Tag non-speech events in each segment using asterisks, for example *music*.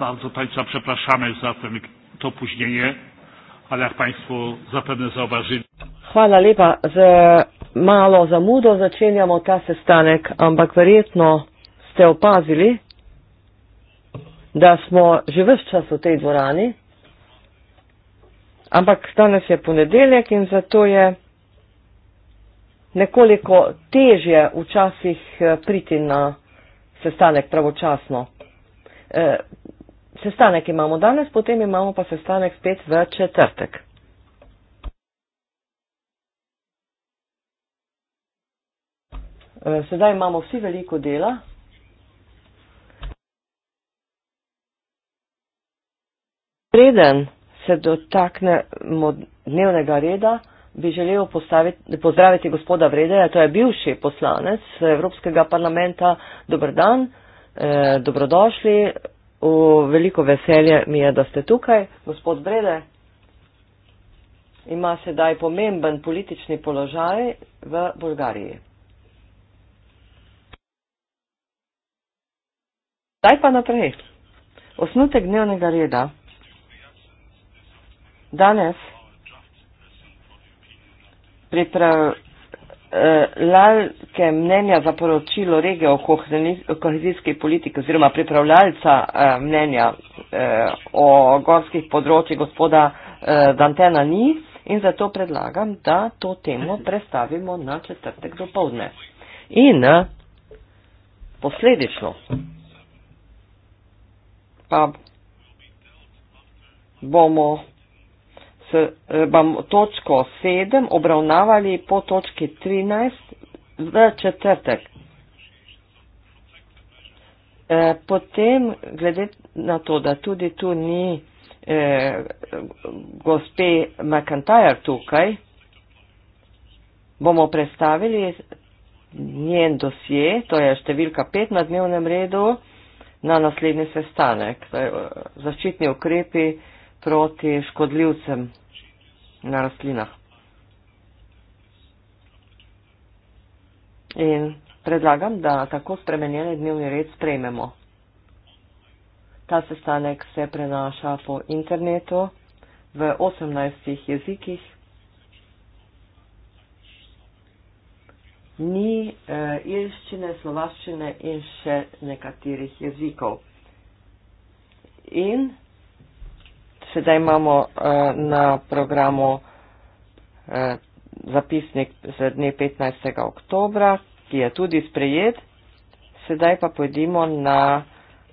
bardzo Państwa przepraszamy za ten, to opóźnienie, ale jak Państwo zapewne zauważyli. Hvala lepa, za malo zamudo začenjamo ta sestanek, ampak verjetno ste opazili, da smo že vse čas v tej dvorani, ampak danes je ponedeljek in zato je nekoliko težje včasih eh, priti na sestanek pravočasno. Eh, sestanek imamo danes, potem imamo pa sestanek spet v četrtek. Eh, sedaj imamo vsi veliko dela. Preden se dotaknemo dnevnega reda, bi želel pozdraviti gospoda Vredeja, to je bivši poslanec Evropskega parlamenta. Dobr dan, eh, dobrodošli. V veliko veselje mi je, da ste tukaj. Gospod Brede ima sedaj pomemben politični položaj v Bolgariji. Zdaj pa naprej. Osnutek dnevnega reda. Danes pripravljam lalke mnenja za poročilo regije o kohezijski politiki oziroma pripravljalca eh, mnenja eh, o gorskih področjih gospoda eh, Dantena ni in zato predlagam, da to temo predstavimo na četrtek do povdne. In posledično pa bomo Eh, bomo točko 7 obravnavali po točki 13 v četrtek. Eh, potem, glede na to, da tudi tu ni eh, gospe McIntyre tukaj, bomo predstavili njen dosje, to je številka 5 na dnevnem redu, na naslednji sestanek, to je zaščitni ukrepi proti škodljivcem na rastlinah. In predlagam, da tako spremenjeni dnevni red sprejmemo. Ta sestanek se prenaša po internetu v 18 jezikih. Ni eh, ilščine, slovaščine in še nekaterih jezikov. In Sedaj imamo uh, na programu uh, zapisnik z dne 15. oktobra, ki je tudi sprejet. Sedaj pa pojdimo na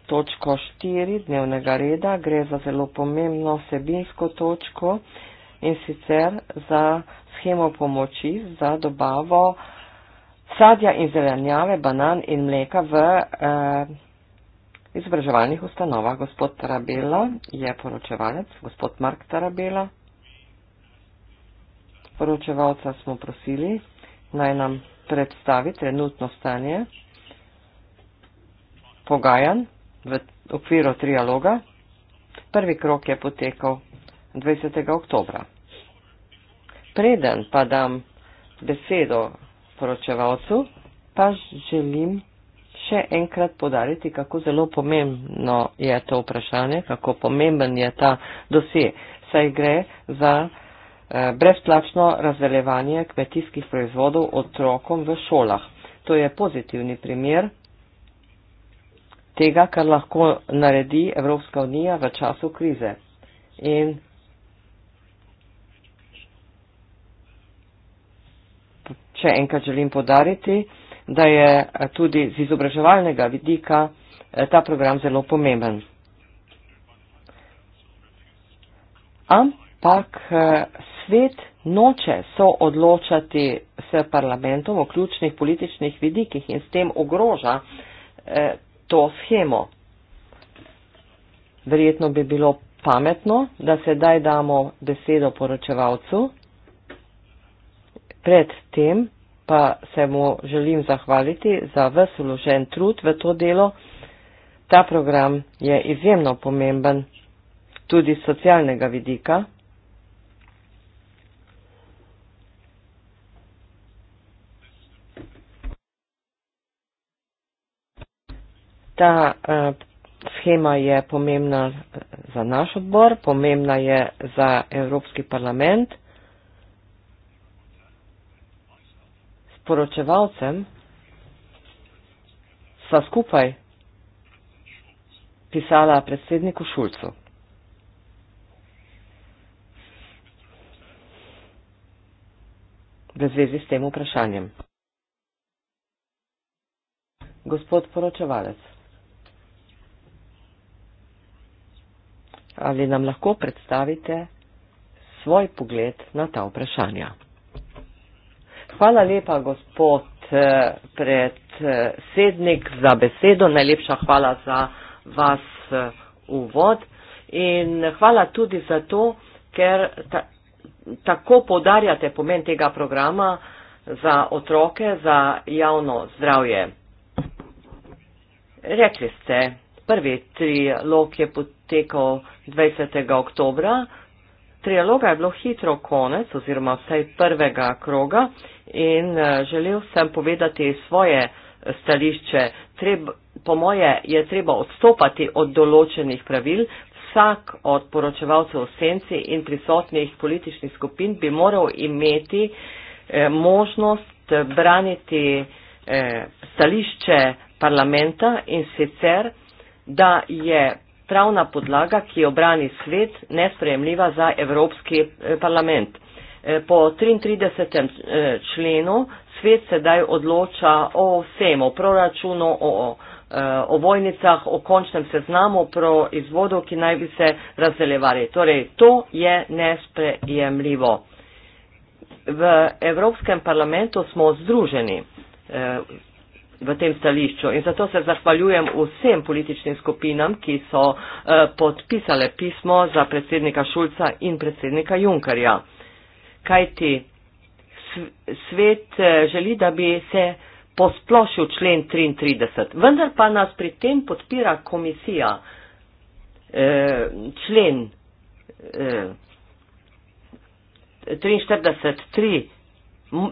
točko 4 dnevnega reda. Gre za zelo pomembno sebinsko točko in sicer za schemo pomoči za dobavo sadja in zelenjave, banan in mleka v. Uh, izobraževalnih ustanovah. Gospod Tarabela je poročevalec, gospod Mark Tarabela. Poročevalca smo prosili, naj nam predstavi trenutno stanje pogajanj v okviru trialoga. Prvi krok je potekal 20. oktobra. Preden pa dam besedo poročevalcu, pa želim še enkrat podariti, kako zelo pomembno je to vprašanje, kako pomemben je ta dosje. Saj gre za eh, brezplačno razdeljevanje kmetijskih proizvodov otrokom v šolah. To je pozitivni primer tega, kar lahko naredi Evropska unija v času krize. In še enkrat želim podariti, da je eh, tudi z izobraževalnega vidika eh, ta program zelo pomemben. Ampak eh, svet noče so odločati s parlamentom o ključnih političnih vidikih in s tem ogroža to schemo. Verjetno bi bilo pametno, da sedaj damo besedo poročevalcu. Pred tem pa se mu želim zahvaliti za ves uložen trud v to delo. Ta program je izjemno pomemben tudi z socialnega vidika. Ta eh, schema je pomembna eh, za naš odbor, pomembna je za Evropski parlament. poročevalcem sva skupaj pisala predsedniku Šulcu. V zvezi s tem vprašanjem. Gospod poročevalec, ali nam lahko predstavite svoj pogled na ta vprašanja? Hvala lepa, gospod eh, predsednik, za besedo. Najlepša hvala za vas eh, uvod. In hvala tudi za to, ker ta, tako podarjate pomen tega programa za otroke, za javno zdravje. Rekli ste, prvi trilog je potekal 20. oktobra, triloga je bilo hitro konec oziroma vsaj prvega kroga in eh, želel sem povedati svoje stališče. Treb, po moje je treba odstopati od določenih pravil. Vsak od poročevalcev senci in prisotnih političnih skupin bi moral imeti eh, možnost braniti eh, stališče parlamenta in sicer, da je pravna podlaga, ki obrani svet, nesprejemljiva za Evropski eh, parlament. Eh, po 33. Eh, členu svet sedaj odloča o vsem, o proračunu, o, eh, o vojnicah, o končnem seznamu proizvodov, ki naj bi se razdeljevali. Torej, to je nesprejemljivo. V Evropskem parlamentu smo združeni v tem stališču in zato se zahvaljujem vsem političnim skupinam, ki so podpisale pismo za predsednika Šulca in predsednika Junkarja kajti svet eh, želi, da bi se posplošil člen 33, vendar pa nas pri tem podpira komisija. Eh, člen 43.3 eh,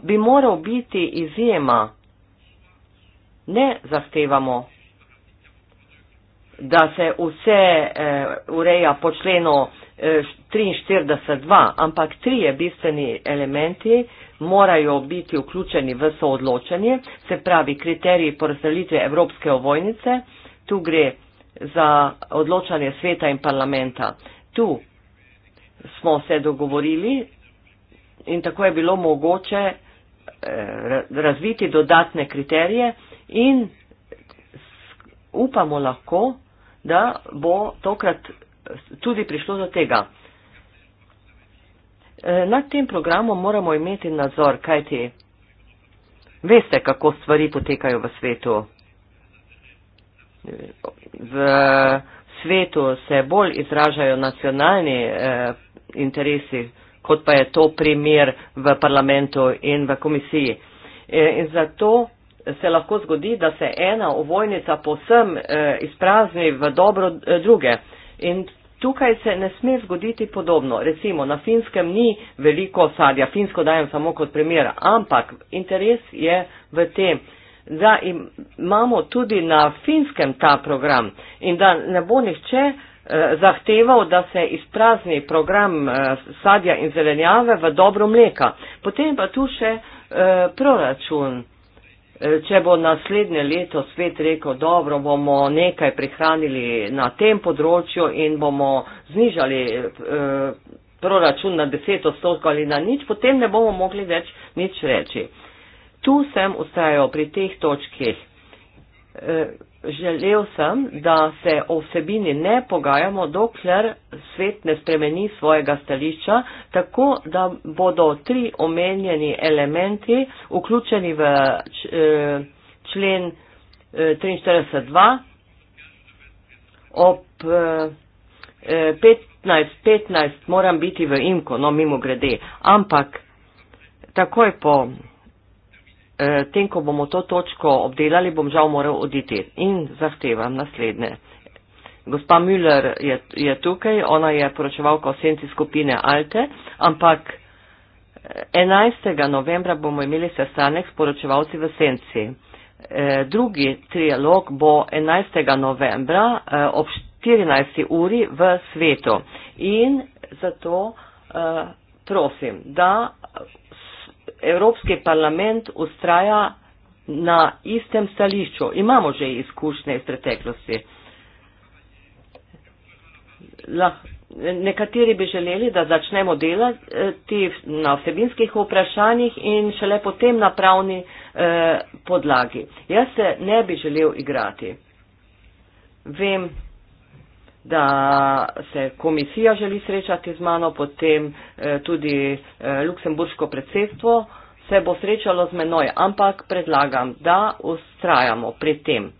bi moral biti izjema. Ne zahtevamo da se vse eh, ureja po členu eh, 43.2, ampak trije bistveni elementi morajo biti vključeni v soodločanje, se pravi kriteriji porazdelitve Evropske ovojnice, tu gre za odločanje sveta in parlamenta. Tu smo se dogovorili in tako je bilo mogoče eh, razviti dodatne kriterije in upamo lahko, da bo tokrat tudi prišlo do tega. E, nad tem programom moramo imeti nadzor, kajti veste, kako stvari potekajo v svetu. V svetu se bolj izražajo nacionalni eh, interesi, kot pa je to primer v parlamentu in v komisiji. E, in zato se lahko zgodi, da se ena ovojnica posem eh, izprazni v dobro eh, druge. In tukaj se ne sme zgoditi podobno. Recimo, na finskem ni veliko sadja, finsko dajem samo kot primer, ampak interes je v tem, da imamo tudi na finskem ta program in da ne bo nihče eh, zahteval, da se izprazni program sadja in zelenjave v dobro mleka. Potem pa tu še proračun. E, če bo naslednje leto svet rekel, dobro, bomo nekaj prihranili na tem področju in bomo znižali e, proračun na 10 odstotkov ali na nič, potem ne bomo mogli več nič reči. Tu sem ustrajal pri teh točkih. E, želel sem, da se o vsebini ne pogajamo, dokler svet ne spremeni svojega stališča, tako da bodo tri omenjeni elementi vključeni v e, člen 43.2. E, ob 15.15 e, 15 moram biti v imko, no mimo grede, ampak takoj po. Eh, tem, ko bomo to točko obdelali, bom žal moral oditi in zahtevam naslednje. Gospa Müller je, je tukaj, ona je poročevalka v senci skupine Alte, ampak 11. Eh, novembra bomo imeli sestanek s poročevalci v senci. Eh, drugi trialog bo 11. novembra ob 14. uri v svetu. In zato prosim, da Evropski parlament ustraja na istem stališču. Imamo že izkušnje iz preteklosti. Lah, nekateri bi želeli, da začnemo delati na vsebinskih vprašanjih in šele potem na pravni eh, podlagi. Jaz se ne bi želel igrati. Vem, da se komisija želi srečati z mano, potem eh, tudi eh, Luksemburško predsedstvo se bo srečalo z menoj, ampak predlagam, da ustrajamo pri tem,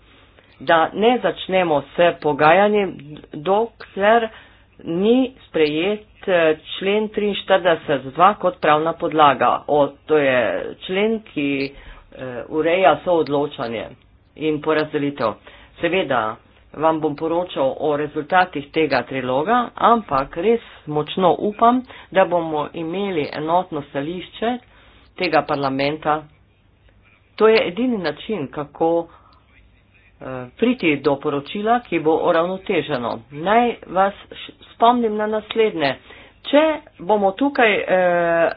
da ne začnemo s pogajanjem, dokler ni sprejet eh, člen 43 2 kot pravna podlaga. O, to je člen, ki ureja soodločanje in porazdelitev. Seveda, vam bom poročal o rezultatih tega triloga, ampak res močno upam, da bomo imeli enotno stališče tega parlamenta. To je edini način, kako eh, priti do poročila, ki bo uravnoteženo. Naj vas spomnim na naslednje. Če bomo tukaj eh,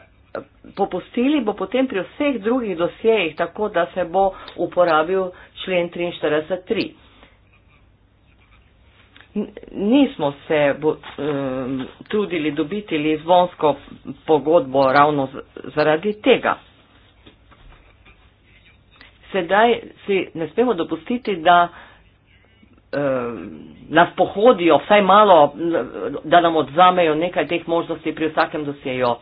popustili, bo potem pri vseh drugih dosjejih tako, da se bo uporabil člen 43. 3 nismo se bo, um, trudili dobiti lizbonsko pogodbo ravno zaradi tega. Sedaj si ne smemo dopustiti, da um, nas pohodijo vsaj malo, da nam odzamejo nekaj teh možnosti pri vsakem dosjeju.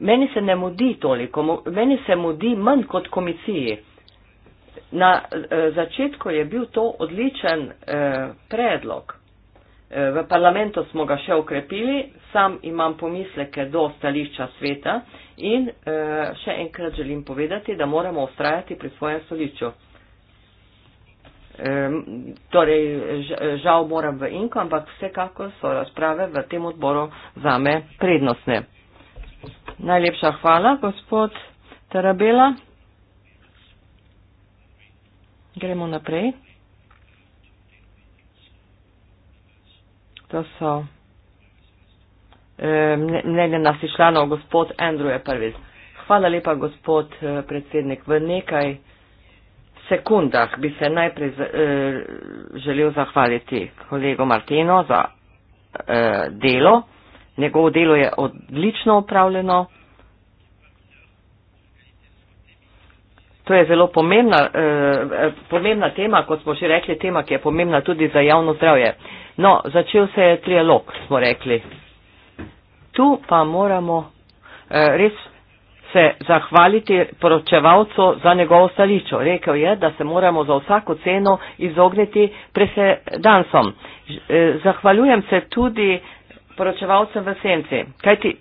Meni se ne mudi toliko, meni se mudi manj kot komisiji na eh, začetku je bil to odličen eh, predlog. Eh, v parlamentu smo ga še ukrepili, sam imam pomisleke do stališča sveta in eh, še enkrat želim povedati, da moramo ustrajati pri svojem stališču. Eh, torej, žal moram v Inko, ampak vsekako so razprave v tem odboru zame prednostne. Najlepša hvala, gospod Tarabela. Gremo naprej. To so eh, mnenje naših članov, gospod Andrew je prvi. Hvala lepa, gospod eh, predsednik. V nekaj sekundah bi se najprej eh, želel zahvaliti kolego Martino za eh, delo. Njegovo delo je odlično upravljeno. To je zelo pomembna, eh, pomembna tema, kot smo že rekli, tema, ki je pomembna tudi za javno zdravje. No, začel se je trialog, smo rekli. Tu pa moramo eh, res se zahvaliti poročevalcu za njegovo stališče. Rekel je, da se moramo za vsako ceno izogniti presedansom. Eh, zahvaljujem se tudi poročevalcem v senci. Kajti,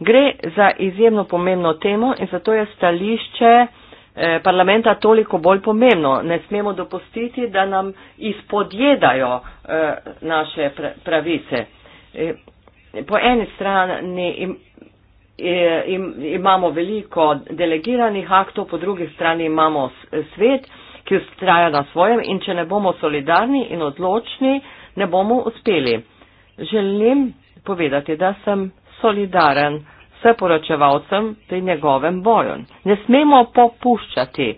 gre za izjemno pomembno temo in zato je stališče, Eh, parlamenta toliko bolj pomembno. Ne smemo dopustiti, da nam izpodjedajo eh, naše pravice. Eh, po eni strani imamo veliko delegiranih aktov, po drugi strani imamo svet, ki ustraja na svojem in če ne bomo solidarni in odločni, ne bomo uspeli. Želim povedati, da sem solidaren vse poročevalcem pri njegovem boju. Ne smemo popuščati,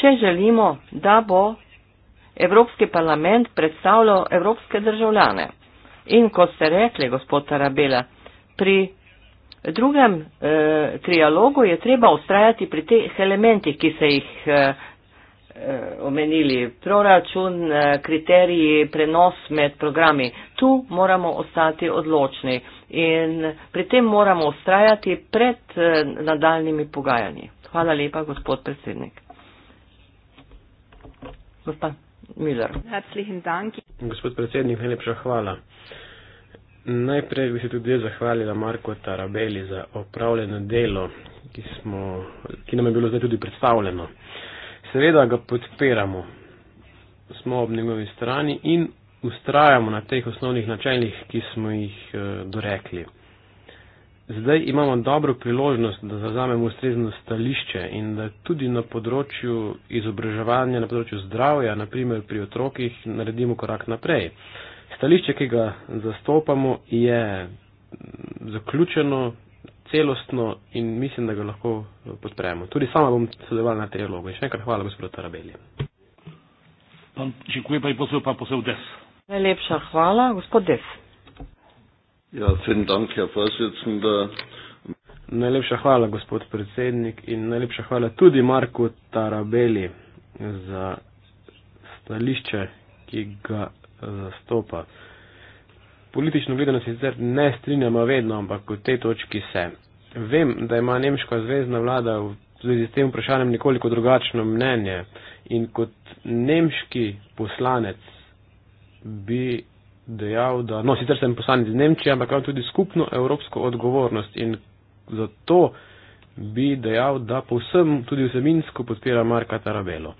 če želimo, da bo Evropski parlament predstavljal evropske državljane. In kot ste rekli, gospod Tarabela, pri drugem eh, trialogu je treba ustrajati pri teh elementih, ki se jih eh, Eh, omenili proračun, eh, kriteriji, prenos med programi. Tu moramo ostati odločni in pri tem moramo ustrajati pred eh, nadaljnimi pogajanji. Hvala lepa, gospod predsednik. Gospa Miller. Gospod predsednik, najlepša hvala. Najprej bi se tudi zahvalila Marko Tarabeli za opravljeno delo, ki, smo, ki nam je bilo zdaj tudi predstavljeno seveda ga podpiramo, smo ob njegovi strani in ustrajamo na teh osnovnih načeljih, ki smo jih eh, dorekli. Zdaj imamo dobro priložnost, da zazamemo ustrezno stališče in da tudi na področju izobraževanja, na področju zdravja, naprimer pri otrokih, naredimo korak naprej. Stališče, ki ga zastopamo, je zaključeno, celostno in mislim, da ga lahko eh, podpremo. Tudi sama bom sodelovala na trialogu. Še enkrat hvala, gospod Tarabeli. Najlepša hvala, gospod Des. Ja, Dank, najlepša hvala, gospod predsednik, in najlepša hvala tudi Marku Tarabeli za stališče, ki ga eh, zastopa. Uh, politično gledano sicer ne strinjamo vedno, ampak v tej točki se. Vem, da ima nemška zvezdna vlada v zvezi s tem vprašanjem nekoliko drugačno mnenje in kot nemški poslanec bi dejal, da, no, sicer sem poslanec iz Nemčije, ampak imam tudi skupno evropsko odgovornost in zato bi dejal, da povsem tudi vseminsko podpira Marka Tarabelo.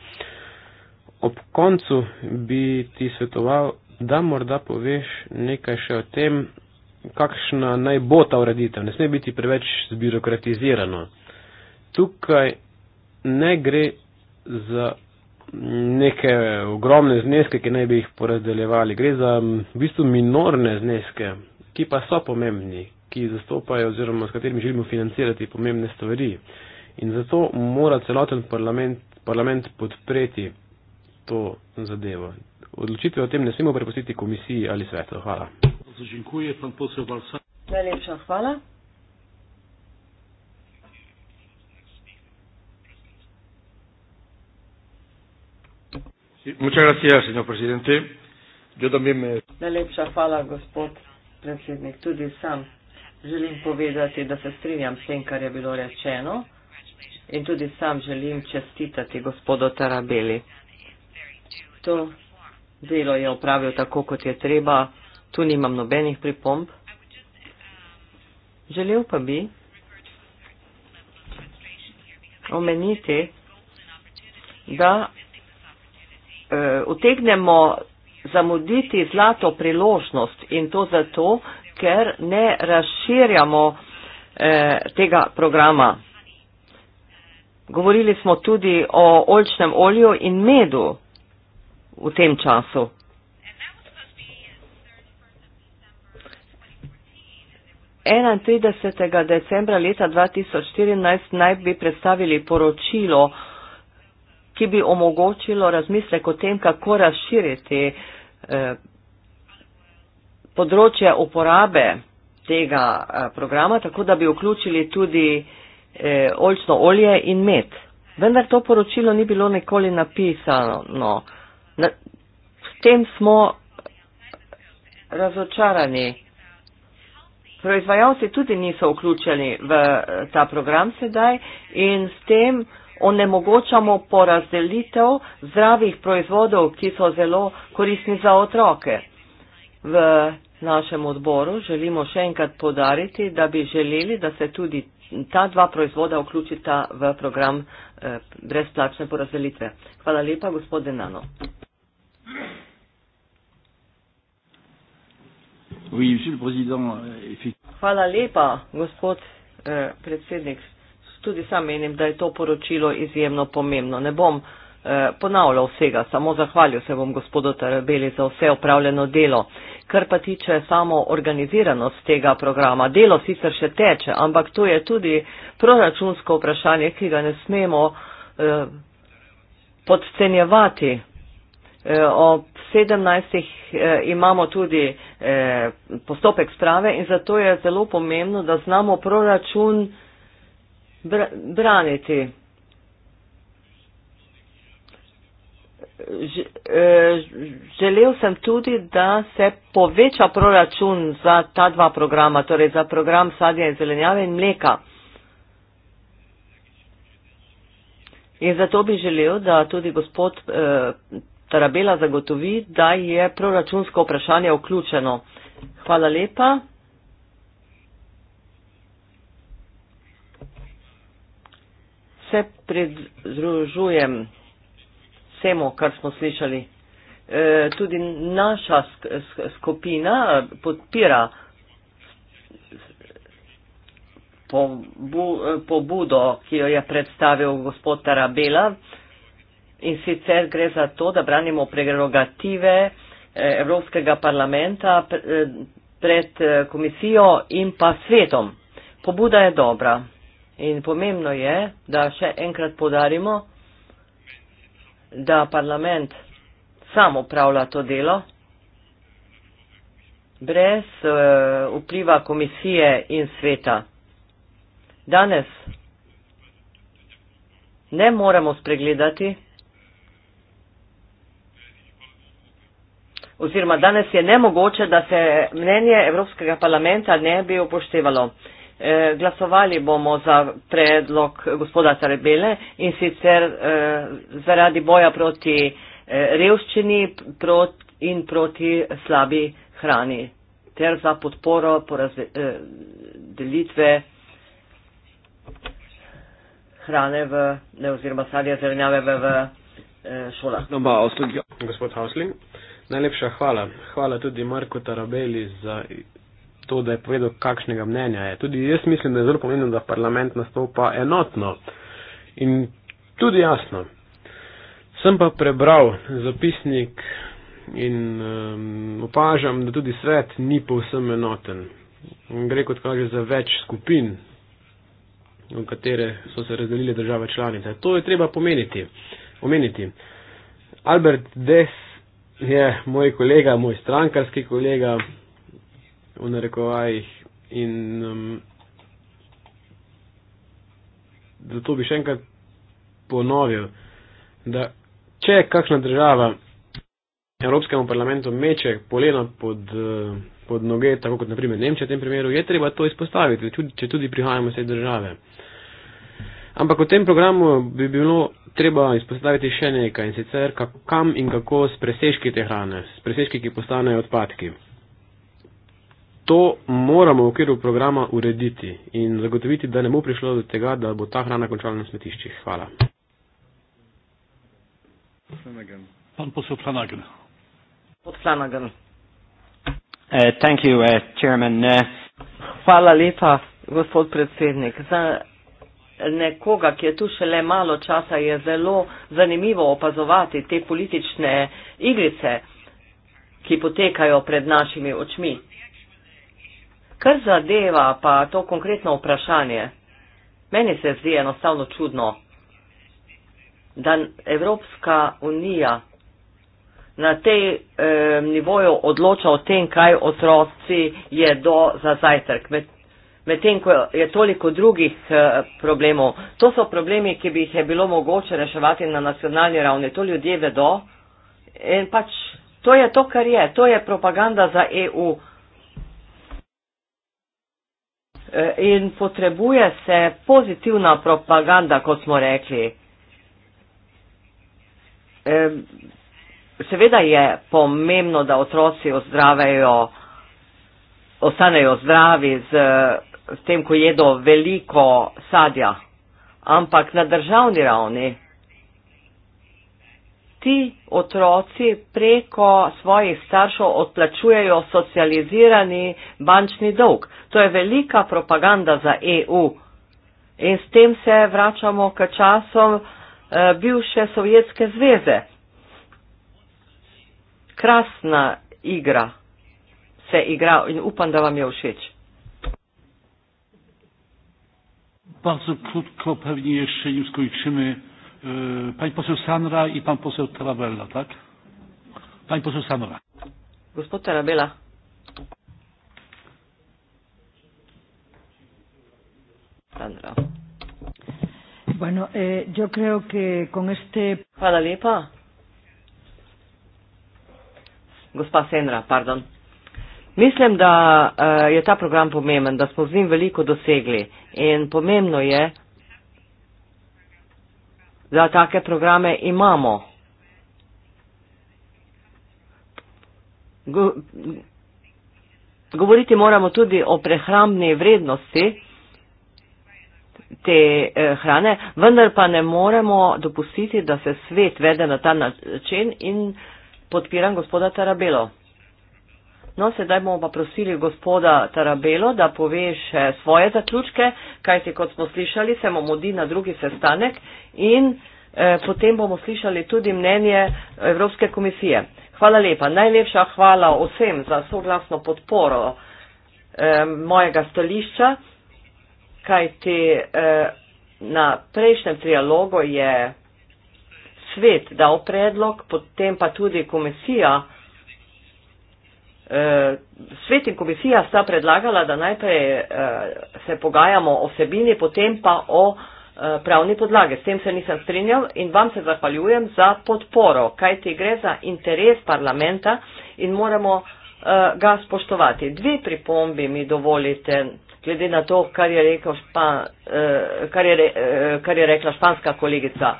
Ob koncu bi ti svetoval, da morda poveš nekaj še o tem, kakšna naj bo ta ureditev. Ne sme biti preveč zbirokratizirano. Tukaj ne gre za neke ogromne zneske, ki naj bi jih porazdeljevali. Gre za v bistvu minorne zneske, ki pa so pomembni, ki zastopajo oziroma s katerimi želimo financirati pomembne stvari. In zato mora celoten parlament, parlament podpreti to zadevo odločitve o tem ne smemo prepustiti komisiji ali svetu. Hvala. Najlepša hvala. Najlepša hvala, gospod predsednik. Tudi sam želim povedati, da se strinjam s tem, kar je bilo rečeno in tudi sam želim čestitati gospodu Tarabeli. To delo je opravil tako, kot je treba, tu nimam nobenih pripomb. Želel pa bi omeniti, da uh, utegnemo zamuditi zlato priložnost in to zato, ker ne razširjamo eh, tega programa. Govorili smo tudi o olčnem olju in medu v tem času. Enaintrideset decembra leta dva tisoč štirinajst naj bi predstavili poročilo, ki bi omogočilo razmislek o tem, kako razširiti eh, področje uporabe tega eh, programa, tako da bi vključili tudi eh, oljčno olje in med. Vendar to poročilo ni bilo nikoli napisano. No. Na, s tem smo razočarani. Proizvajalci tudi niso vključeni v eh, ta program sedaj in s tem onemogočamo porazdelitev zdravih proizvodov, ki so zelo korisni za otroke. V našem odboru želimo še enkrat podariti, da bi želeli, da se tudi ta dva proizvoda vključita v program eh, brezplačne porazdelitve. Hvala lepa, gospod Denano. Euh, Hvala lepa, gospod eh, predsednik. Tudi sam menim, da je to poročilo izjemno pomembno. Ne bom eh, ponavljal vsega, samo zahvalil se bom gospodu Tarabeli za vse opravljeno delo. Kar pa tiče samo organiziranost tega programa, delo sicer še teče, ampak to je tudi proračunsko vprašanje, ki ga ne smemo eh, podcenjevati. Eh, ob 17. Eh, imamo tudi eh, postopek sprave in zato je zelo pomembno, da znamo proračun braniti. Želel sem tudi, da se poveča proračun za ta dva programa, torej za program sadja in zelenjave in mleka. In zato bi želel, da tudi gospod Tarabela zagotovi, da je proračunsko vprašanje vključeno. Hvala lepa. Se pridružujem vsemu, kar smo slišali. E, tudi naša sk sk skupina podpira pobudo, ki jo je predstavil gospod Tarabela. E, in sicer gre za to, da branimo prerogative eh, Evropskega parlamenta eh, pred eh, komisijo in pa svetom. Pobuda je dobra in pomembno je, da še enkrat podarimo, da parlament samo pravlja to delo brez vpliva komisije in sveta. Danes ne moremo spregledati, oziroma danes je nemogoče, da se mnenje Evropskega parlamenta ne bi upoštevalo. Eh, glasovali bomo za predlog gospoda Tarebele in sicer eh, zaradi boja proti eh, revščini prot in proti slabi hrani ter za podporo porazdelitve eh, hrane v, ne, oziroma sadja zelenjave v, v eh, šolah. No, ba, Gospod Hausling. Najlepša hvala. Hvala tudi Marku Tarabeli za to, da je povedal, kakšnega mnenja je. Tudi jaz mislim, da je zelo pomembno, da parlament nastopa enotno in tudi jasno. Sem pa prebral zapisnik in um, opažam, da tudi svet ni povsem enoten. Gre kot kaže za več skupin, v katere so se razdelile države članice. To je treba pomeniti. Omeniti. Albert Dess je moj kolega, moj strankarski kolega, v narekovajih. In um, zato bi še enkrat ponovil, da če kakšna država Evropskemu parlamentu meče poleno pod, uh, pod noge, tako kot naprimer Nemčija v tem primeru, je treba to izpostaviti, če tudi prihajamo iz te države. Ampak v tem programu bi bilo treba izpostaviti še nekaj in sicer kam in kako s presežki te hrane, s presežki, ki postanejo odpadki. To moramo v okviru programa urediti in zagotoviti, da ne bo prišlo do tega, da bo ta hrana končala na smetiščih. Hvala. Eh, eh, eh, Hvala lepa, gospod predsednik. Za nekoga, ki je tu šele malo časa, je zelo zanimivo opazovati te politične igrice, ki potekajo pred našimi očmi. Kar zadeva pa to konkretno vprašanje, meni se zdi enostavno čudno, da Evropska unija na tej eh, nivoju odloča o tem, kaj otroci jedo za zajtrk. Med medtem ko je toliko drugih eh, problemov. To so problemi, ki bi jih je bilo mogoče reševati na nacionalni ravni. To ljudje vedo in pač to je to, kar je. To je propaganda za EU. Eh, in potrebuje se pozitivna propaganda, kot smo rekli. Eh, seveda je pomembno, da otroci ozdravejo, ostanejo zdravi z s tem, ko jedo veliko sadja, ampak na državni ravni ti otroci preko svojih staršev odplačujejo socializirani bančni dolg. To je velika propaganda za EU. In s tem se vračamo k časom eh, bivše Sovjetske zveze. Krasna igra se igra in upam, da vam je všeč. bardzo krótko pewnie jeszcze nim skończymy e, pani poseł Sandra i pan poseł Tarabella, tak? Pani poseł Sandra. Gospod Tarabella. Sandra. Bueno, eh, yo creo que con este... Hvala lepa. Gospa Sandra, pardon. Mislim, da eh, je ta program pomemben, da smo z njim veliko dosegli in pomembno je, da take programe imamo. Govoriti moramo tudi o prehrambni vrednosti te eh, hrane, vendar pa ne moremo dopustiti, da se svet vede na ta način in podpiram gospoda Tarabelo. No, sedaj bomo pa prosili gospoda Tarabelo, da pove še svoje zaključke, kaj ti, kot smo slišali, se bomo odi na drugi sestanek in eh, potem bomo slišali tudi mnenje eh, Evropske komisije. Hvala lepa. Najlepša hvala vsem za soglasno podporo eh, mojega stališča, kaj ti eh, na prejšnjem trialogu je svet dal predlog, potem pa tudi komisija. E, svet in komisija sta predlagala, da najprej e, se pogajamo o vsebini, potem pa o e, pravni podlage. S tem se nisem strinjal in vam se zahvaljujem za podporo, kaj ti gre za interes parlamenta in moramo ga spoštovati. Dve pripombi mi dovolite, glede na to, kar je, špan, kar je, kar je rekla španska kolegica.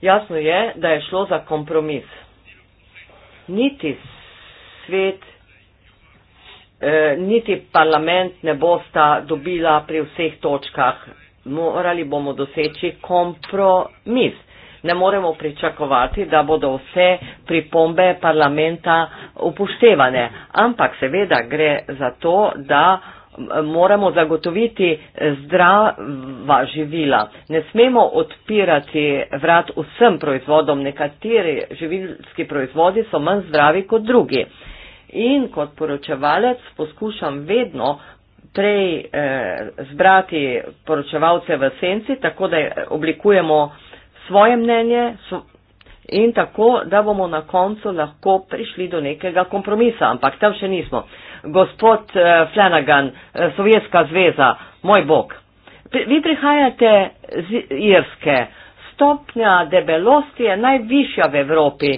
Jasno je, da je šlo za kompromis. Niti svet, eh, niti parlament ne bosta dobila pri vseh točkah. Morali bomo doseči kompromis. Ne moremo pričakovati, da bodo vse pripombe parlamenta upoštevane, ampak seveda gre za to, da eh, moramo zagotoviti zdrava živila. Ne smemo odpirati vrat vsem proizvodom, nekateri živilski proizvodi so manj zdravi kot drugi in kot poročevalec poskušam vedno prej eh, zbrati poročevalce v senci, tako da oblikujemo svoje mnenje so, in tako, da bomo na koncu lahko prišli do nekega kompromisa, ampak tam še nismo. Gospod eh, Flanagan, eh, Sovjetska zveza, moj bog, pri, vi prihajate z Irske, stopnja debelosti je najvišja v Evropi.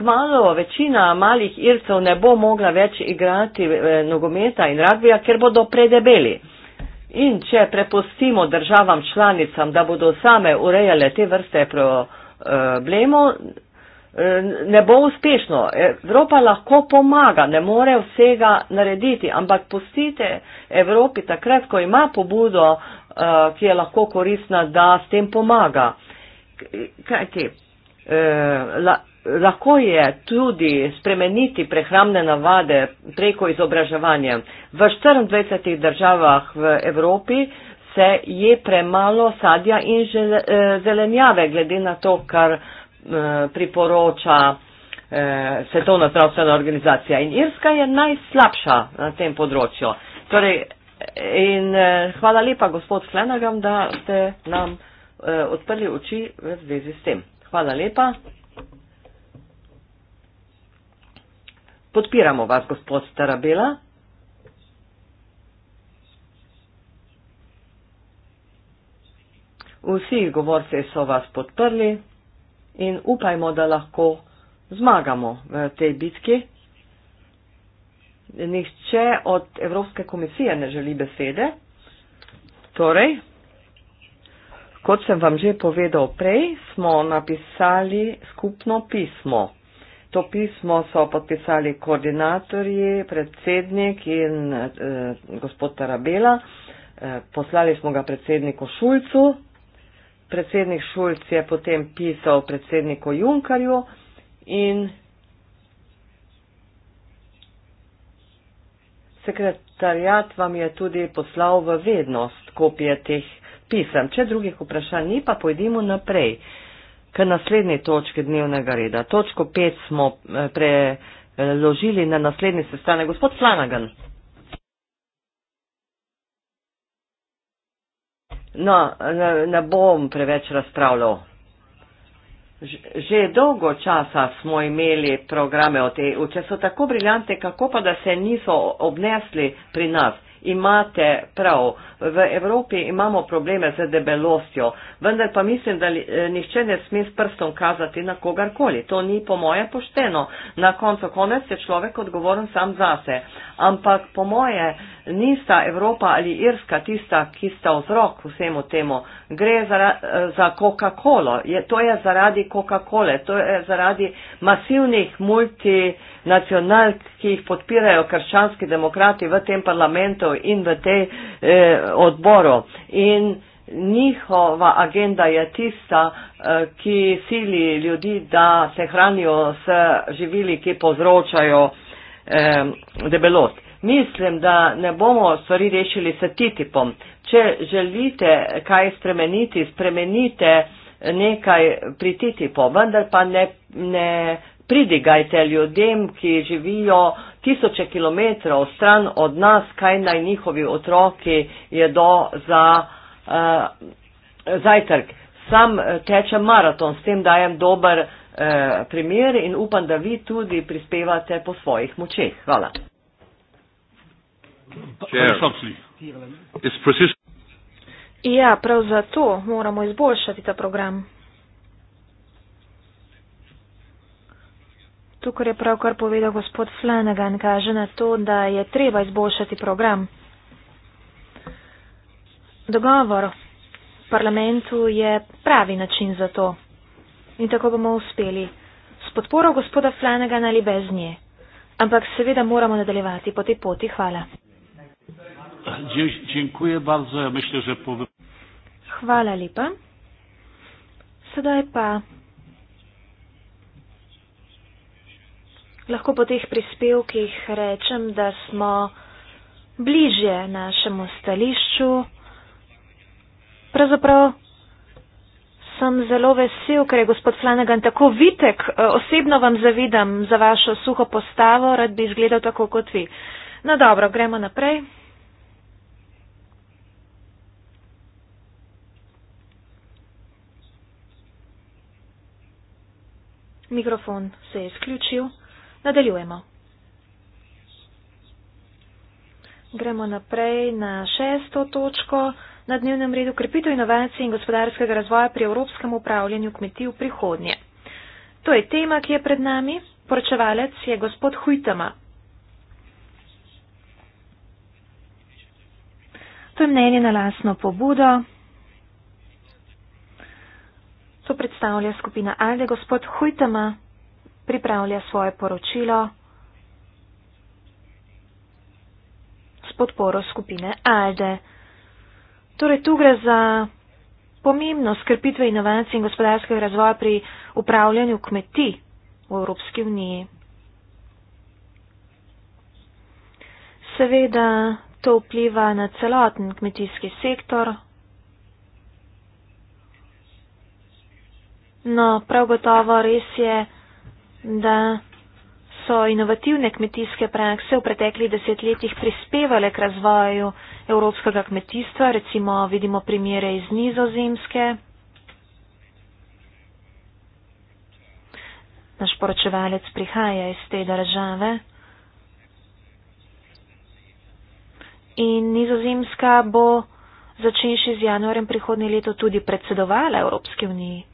Kmalo večina malih ircev ne bo mogla več igrati eh, nogometa in ragbija, ker bodo predebeli. In če prepustimo državam članicam, da bodo same urejale te vrste problemov, eh, ne bo uspešno. Evropa lahko pomaga, ne more vsega narediti, ampak pustite Evropi takrat, ko ima pobudo, eh, ki je lahko koristna, da s tem pomaga. Kaj ti? lahko je tudi spremeniti prehramne navade preko izobraževanja. V 24 državah v Evropi se je premalo sadja in eh, zelenjave, glede na to, kar eh, priporoča eh, Svetovna zdravstvena organizacija. In Irska je najslabša na tem področju. Torej, in hvala lepa, gospod Flanagan, da ste nam odprli oči v zvezi s tem. Hvala lepa. Podpiramo vas, gospod Starabela. Vsi govorci so vas podprli in upajmo, da lahko zmagamo v tej bitki. Nihče od Evropske komisije ne želi besede. Torej, kot sem vam že povedal prej, smo napisali skupno pismo. To pismo so podpisali koordinatorji, predsednik in eh, gospod Tarabela. Eh, poslali smo ga predsedniku Šulcu. Predsednik Šulc je potem pisal predsedniku Junkarju in sekretarjat vam je tudi poslal v vednost kopije teh pisem. Če drugih vprašanj ni, pa pojdimo naprej. Eh, k naslednji točki dnevnega reda. Točko 5 smo eh, preložili na naslednji sestanek. Gospod Flanagan. No, ne, ne bom preveč razpravljal. Že dolgo časa smo imeli programe o tej, če so tako briljante, kako pa da se niso obnesli pri nas imate prav, v Evropi imamo probleme z debelostjo, vendar pa mislim, da li, eh, nihče ne sme s prstom kazati na kogarkoli. To ni po moje pošteno. Na koncu konec je človek odgovoren sam zase. Ampak po moje nista Evropa ali Irska tista, ki sta vzrok vsemu temu. Gre za, za Coca-Colo. To je zaradi Coca-Cole, to je zaradi masivnih multinacionalk, ki jih podpirajo krščanski demokrati v tem parlamentu in v tej eh, odboru. In njihova agenda je tista, eh, ki sili ljudi, da se hranijo s živili, ki povzročajo eh, debelost. Mislim, da ne bomo stvari rešili s TTIP-om. Če želite kaj spremeniti, spremenite nekaj pri TTIP-u, vendar pa ne, ne pridigajte ljudem, ki živijo tisoče kilometrov stran od nas, kaj naj njihovi otroki jedo za uh, zajtrk. Sam eh, tečem maraton, s tem dajem dober uh, primer in upam, da vi tudi prispevate po svojih močeh. Hvala. Ja, prav zato moramo izboljšati ta program. Tukaj je pravkar povedal gospod Flanagan, kaže na to, da je treba izboljšati program. Dogovor v parlamentu je pravi način za to. In tako bomo uspeli. S podporo gospoda Flanagana ali bez nje. Ampak seveda moramo nadaljevati po tej poti. Hvala. Dziękuję bardzo. Ja myślę, że po... Chwala lipa. Sedaj pa lahko po teh prispevkih rečem, da smo bližje našemu stališču. Pravzaprav sem zelo vesel, ker je gospod Flanagan tako vitek. E, osebno vam zavidam za vašo suho postavo, rad bi izgledal tako kot vi. No dobro, gremo naprej. Mikrofon se je izključil. Nadaljujemo. Gremo naprej na šesto točko na dnevnem redu krepitev inovacij in gospodarskega razvoja pri evropskem upravljanju kmetij v prihodnje. To je tema, ki je pred nami. Poročevalec je gospod Huitama. To je mnenje na lasno pobudo to predstavlja skupina Alde, gospod Hujtama pripravlja svoje poročilo s podporo skupine Alde. Torej, tu gre za pomembno skrpitve inovacij in gospodarskega razvoja pri upravljanju kmeti v Evropski uniji. Seveda to vpliva na celoten kmetijski sektor, No, prav gotovo res je, da so inovativne kmetijske prakse v preteklih desetletjih prispevale k razvoju evropskega kmetijstva. Recimo vidimo primere iz nizozemske. Naš poročevalec prihaja iz te države. In nizozemska bo začenši z januarjem prihodnje leto tudi predsedovala Evropske unije.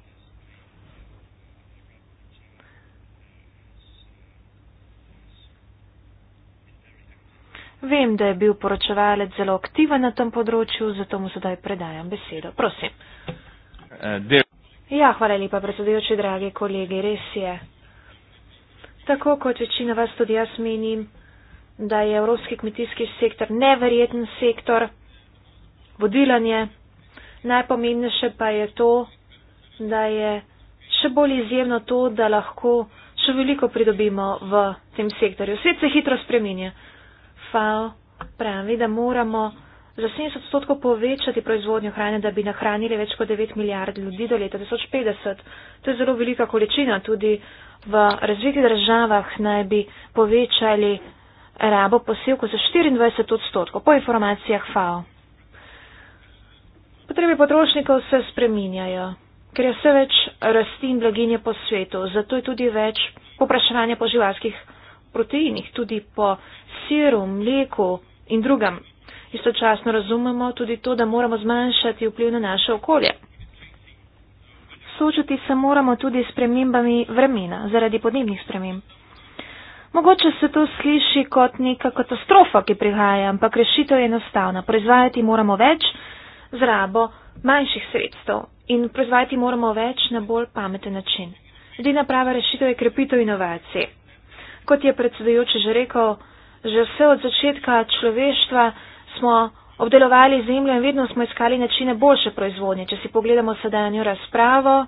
Vem, da je bil poročevalec zelo aktiven na tem področju, zato mu sedaj predajam besedo. Prosim. Eh, ja, hvala lepa, predsedujoči, dragi kolegi, res je. Tako kot večina vas tudi jaz menim, da je evropski kmetijski sektor neverjeten sektor, vodilanje. Najpomembnejše pa je to, da je še bolj izjemno to, da lahko še veliko pridobimo v tem sektorju. Svet se hitro spreminja. FAO pravi, da moramo za 70 odstotkov povečati proizvodnjo hrane, da bi nahranili več kot 9 milijard ljudi do leta 2050. To je zelo velika količina. Tudi v razvitih državah naj bi povečali rabo posevkov za 24 odstotkov, po informacijah FAO. Potrebe potrošnikov se spreminjajo, ker je vse več rasti in blaginje po svetu, zato je tudi več popraševanja po živalskih proteinih, tudi po siru, mleku in drugem. Istočasno razumemo tudi to, da moramo zmanjšati vpliv na naše okolje. Soočati se moramo tudi s premembami vremena zaradi podnebnih sprememb. Mogoče se to sliši kot neka katastrofa, ki prihaja, ampak rešitev je enostavna. Proizvajati moramo več z rabo manjših sredstev in proizvajati moramo več na bolj pameten način. Edina prava rešitev je krepitev inovacije kot je predsedujoči že rekel, že vse od začetka človeštva smo obdelovali zemljo in vedno smo iskali načine boljše proizvodnje. Če si pogledamo sedanjo razpravo,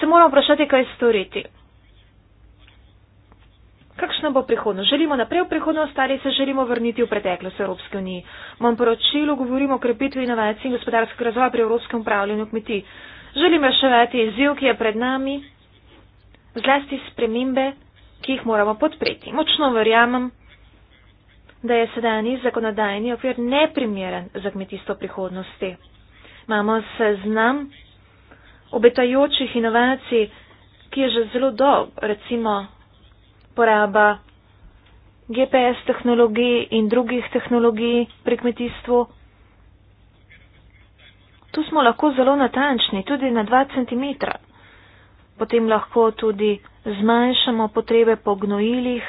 se moramo vprašati, kaj storiti. Kakšna bo prihodnost? Želimo naprej v prihodnost ali se želimo vrniti v preteklost Evropske unije? V mojem poročilu govorimo o krepitvi inovacij in gospodarskega razvoja pri evropskem upravljanju kmetij. Želim reševati izziv, ki je pred nami, zlasti spremembe ki jih moramo podpreti. Močno verjamem, da je sedajni zakonodajni okvir neprimeren za kmetijstvo prihodnosti. Imamo seznam obetajočih inovacij, ki je že zelo dob, recimo poraba GPS tehnologij in drugih tehnologij pri kmetijstvu. Tu smo lahko zelo natančni, tudi na 2 cm. Potem lahko tudi zmanjšamo potrebe po gnojilih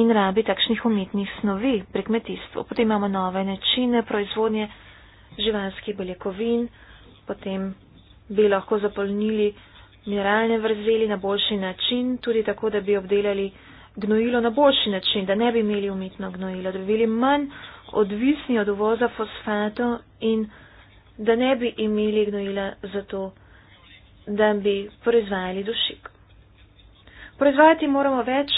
in rabi takšnih umetnih snovi pri kmetijstvu. Potem imamo nove načine proizvodnje živalskih beljakovin, potem bi lahko zapolnili mineralne vrzeli na boljši način, tudi tako, da bi obdelali gnojilo na boljši način, da ne bi imeli umetno gnojilo, da bi bili manj odvisni od uvoza fosfato in da ne bi imeli gnojila zato, da bi proizvajali dušik. Proizvajati moramo več,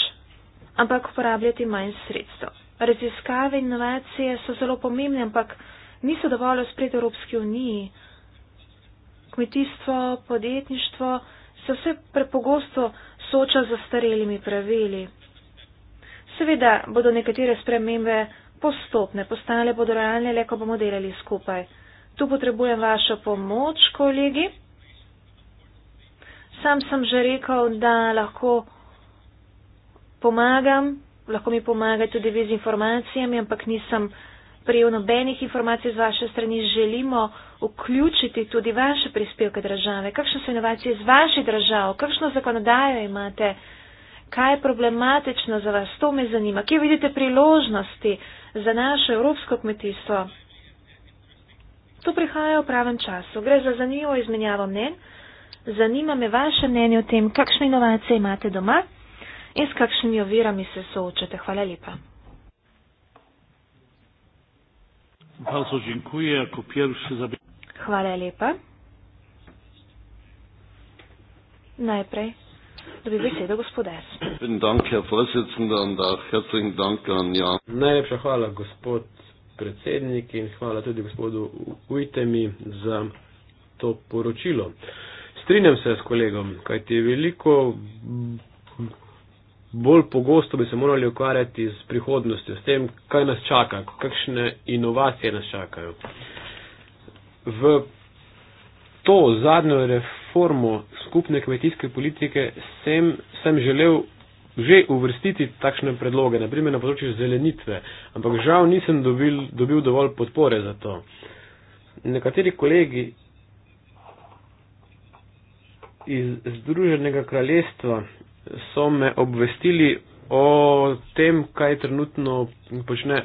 ampak uporabljati manj sredstev. Raziskave in inovacije so zelo pomembne, ampak niso dovolj spred Evropski uniji. Kmetijstvo, podjetništvo se vse prepogosto sooča z zastarelimi pravili. Seveda bodo nekatere spremembe postopne, postale bodo realne, le ko bomo delali skupaj. Tu potrebujem vašo pomoč, kolegi. Sam sem že rekel, da lahko pomagam, lahko mi pomagajo tudi vi z informacijami, ampak nisem prejel nobenih informacij z vaše strani. Želimo vključiti tudi vaše prispevke države. Kakšne so inovacije iz vaših držav, kakšno zakonodajo imate, kaj je problematično za vas, to me zanima. Kje vidite priložnosti za naše evropsko kmetijstvo? To prihaja v pravem času. Gre za zanimivo izmenjavo mnen. Zanima me vaše mnenje o tem, kakšne inovacije imate doma in s kakšnimi ovirami se soočate. Hvala lepa. Hvala lepa. Najprej dobi besedo gospodar. Najlepša hvala, gospod predsednik, in hvala tudi gospodu Ujtemi za to poročilo. Strinjam se s kolegom, kajti veliko bolj pogosto bi se morali ukvarjati z prihodnostjo, s tem, kaj nas čaka, kakšne inovacije nas čakajo. V to zadnjo reformo skupne kmetijske politike sem, sem želel že uvrstiti takšne predloge, naprimer na področju zelenitve, ampak žal nisem dobil, dobil dovolj podpore za to. Nekateri kolegi iz Združenega kraljestva so me obvestili o tem, kaj trenutno počne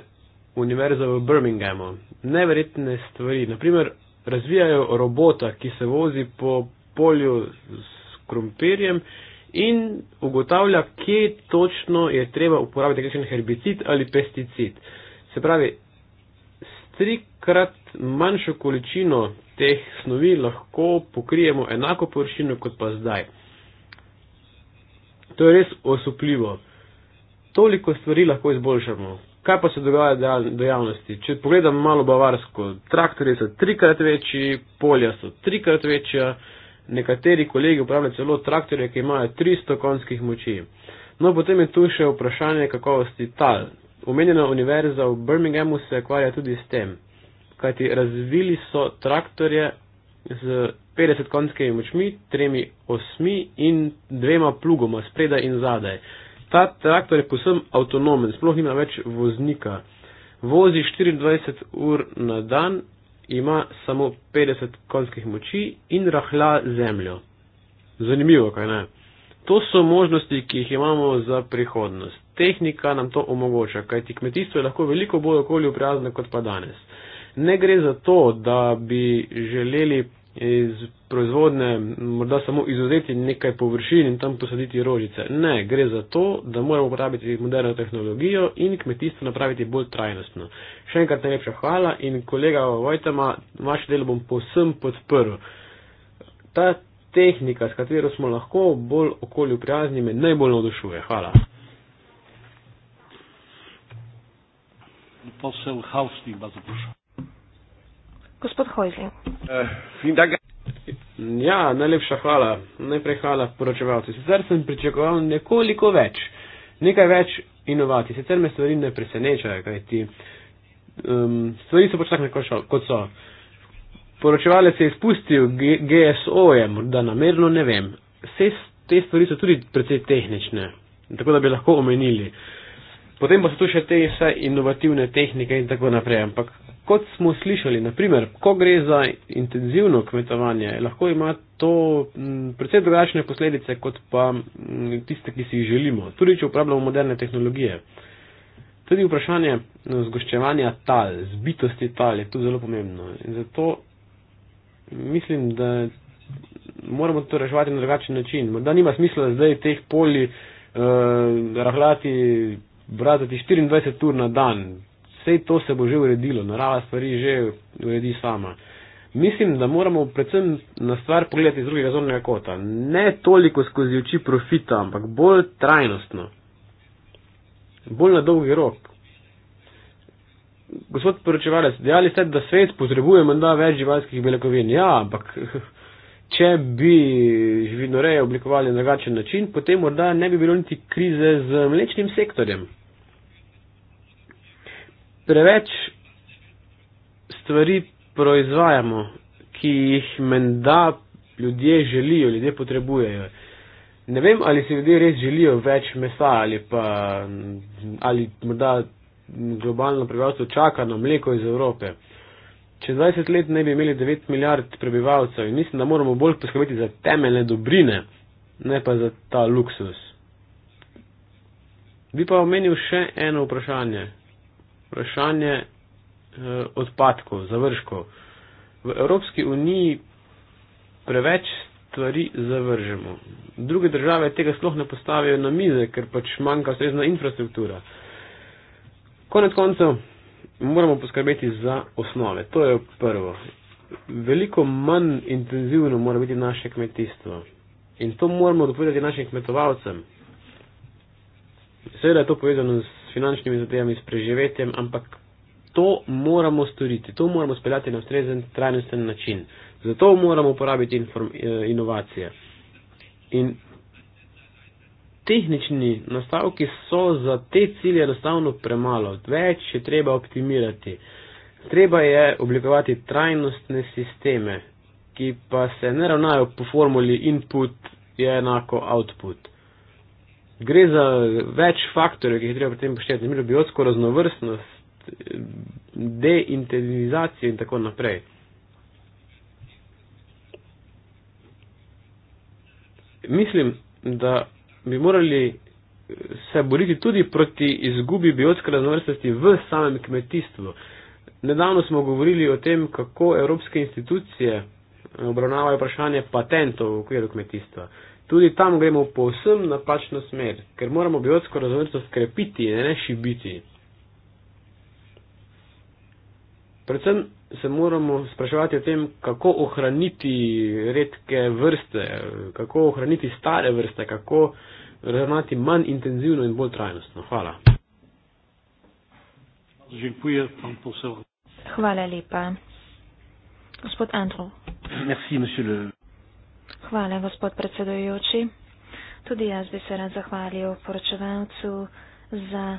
univerza v Birminghamu. Neverjetne stvari. Naprimer, razvijajo robota, ki se vozi po polju s krompirjem in ugotavlja, kje točno je treba uporabiti kakšen herbicid ali pesticid. Se pravi, s trikrat manjšo količino teh snovi lahko pokrijemo enako površino kot pa zdaj to je res osupljivo. Toliko stvari lahko izboljšamo. Kaj pa se dogaja v javnosti? Če pogledam malo bavarsko, traktorje so trikrat večji, polja so trikrat večja, nekateri kolegi uporabljajo celo traktorje, ki imajo 300 konjskih moči. No, potem je tu še vprašanje kakovosti tal. Omenjena univerza v Birminghamu se ukvarja tudi s tem, kajti razvili so traktorje z 50 konjskimi močmi, tremi osmi in dvema plugoma, spredaj in zadaj. Ta traktor je posebno avtonomen, sploh nima več voznika. Vozi 24 ur na dan, ima samo 50 konjskih moči in rahlja zemljo. Zanimivo, kaj ne? To so možnosti, ki jih imamo za prihodnost. Tehnika nam to omogoča, kajti kmetijstvo je lahko veliko bolj okolju prijazno kot pa danes. Ne gre za to, da bi želeli iz proizvodne morda samo izuzeti nekaj površin in tam posaditi rožice. Ne, gre za to, da moramo uporabiti moderno tehnologijo in kmetijstvo napraviti bolj trajnostno. Še enkrat najlepša hvala in kolega Vojtama, vaš del bom posem podprl. Ta tehnika, s katero smo lahko bolj okolju prijazni, me najbolj navdušuje. Hvala. Posel Hausnik vas zaprašam. Gospod Hojzing. Eh, ja, najlepša hvala. Najprej hvala poročevalci. Sicer sem pričakoval nekoliko več, nekaj več inovacij. Sicer me stvari ne presenečajo, kaj ti. Um, stvari so pač tako, kot so. Poročevalec je izpustil G GSO, je morda namerno, ne vem. Vse te stvari so tudi precej tehnične, tako da bi lahko omenili. Potem pa so tu še te vse inovativne tehnike in tako naprej, ampak kot smo slišali, naprimer, ko gre za intenzivno kmetovanje, lahko ima to mm, precej drugačne posledice, kot pa mm, tiste, ki si jih želimo, tudi če uporabljamo moderne tehnologije. Tudi vprašanje mm, zgoščevanja tal, zbitosti tal je tu zelo pomembno. In zato mislim, da moramo to reševati na drugačen način. Da nima smisla zdaj teh poli eh, rahljati, bratati 24 ur na dan, vse to se bo že uredilo, narava stvari že uredi sama. Mislim, da moramo predvsem na stvar pogledati z drugega zornega kota. Ne toliko skozi oči profita, ampak bolj trajnostno. Bolj na dolgi rok. Gospod poročevalec, dejali ste, da svet potrebuje menda več živalskih beljakovin. Ja, ampak *laughs* če bi živinoreje oblikovali na drugačen način, potem morda ne bi bilo niti krize z mlečnim sektorjem preveč stvari proizvajamo, ki jih menda ljudje želijo, ljudje potrebujejo. Ne vem, ali si ljudje res želijo več mesa ali pa ali morda globalno prebivalstvo čaka na mleko iz Evrope. Čez 20 let ne bi imeli 9 milijard prebivalcev in mislim, da moramo bolj poskrbeti za temeljne dobrine, ne pa za ta luksus. Bi pa omenil še eno vprašanje, vprašanje eh, odpadkov, završkov. V Evropski uniji preveč stvari zavržemo. Druge države tega sploh ne postavijo na mize, ker pač manjka ustrezna infrastruktura. Konec koncev moramo poskrbeti za osnove. To je prvo. Veliko manj intenzivno mora biti naše kmetijstvo. In to moramo dopovedati našim kmetovalcem. Seveda je to povezano z finančnimi zadevami, s preživetjem, ampak to moramo storiti, to moramo speljati na ustrezen, trajnosten način. Zato moramo uporabiti eh, inovacije. In tehnični nastavki so za te cilje enostavno premalo, več je treba optimirati. Treba je oblikovati trajnostne sisteme, ki pa se ne ravnajo po formuli input je enako output gre za več faktorjev, ki jih treba pri tem poštevati, ne mirobiotsko raznovrstnost, deintenzivizacijo in tako naprej. Mislim, da bi morali se boriti tudi proti izgubi biotske raznovrstnosti v samem kmetijstvu. Nedavno smo govorili o tem, kako evropske institucije obravnavajo vprašanje patentov v okviru kmetijstva. Uh, tudi tam gremo povsem napačno smer, ker moramo biotsko raznovrstnost krepiti in ne šibiti. Predvsem se moramo spraševati o tem, kako ohraniti redke vrste, kako ohraniti stare vrste, kako ravnati manj intenzivno in bolj trajnostno. Hvala. Hvala lepa. Gospod Androv. Merci, monsieur le... Hvala, gospod predsedujoči. Tudi jaz bi se rad zahvalil poročevalcu za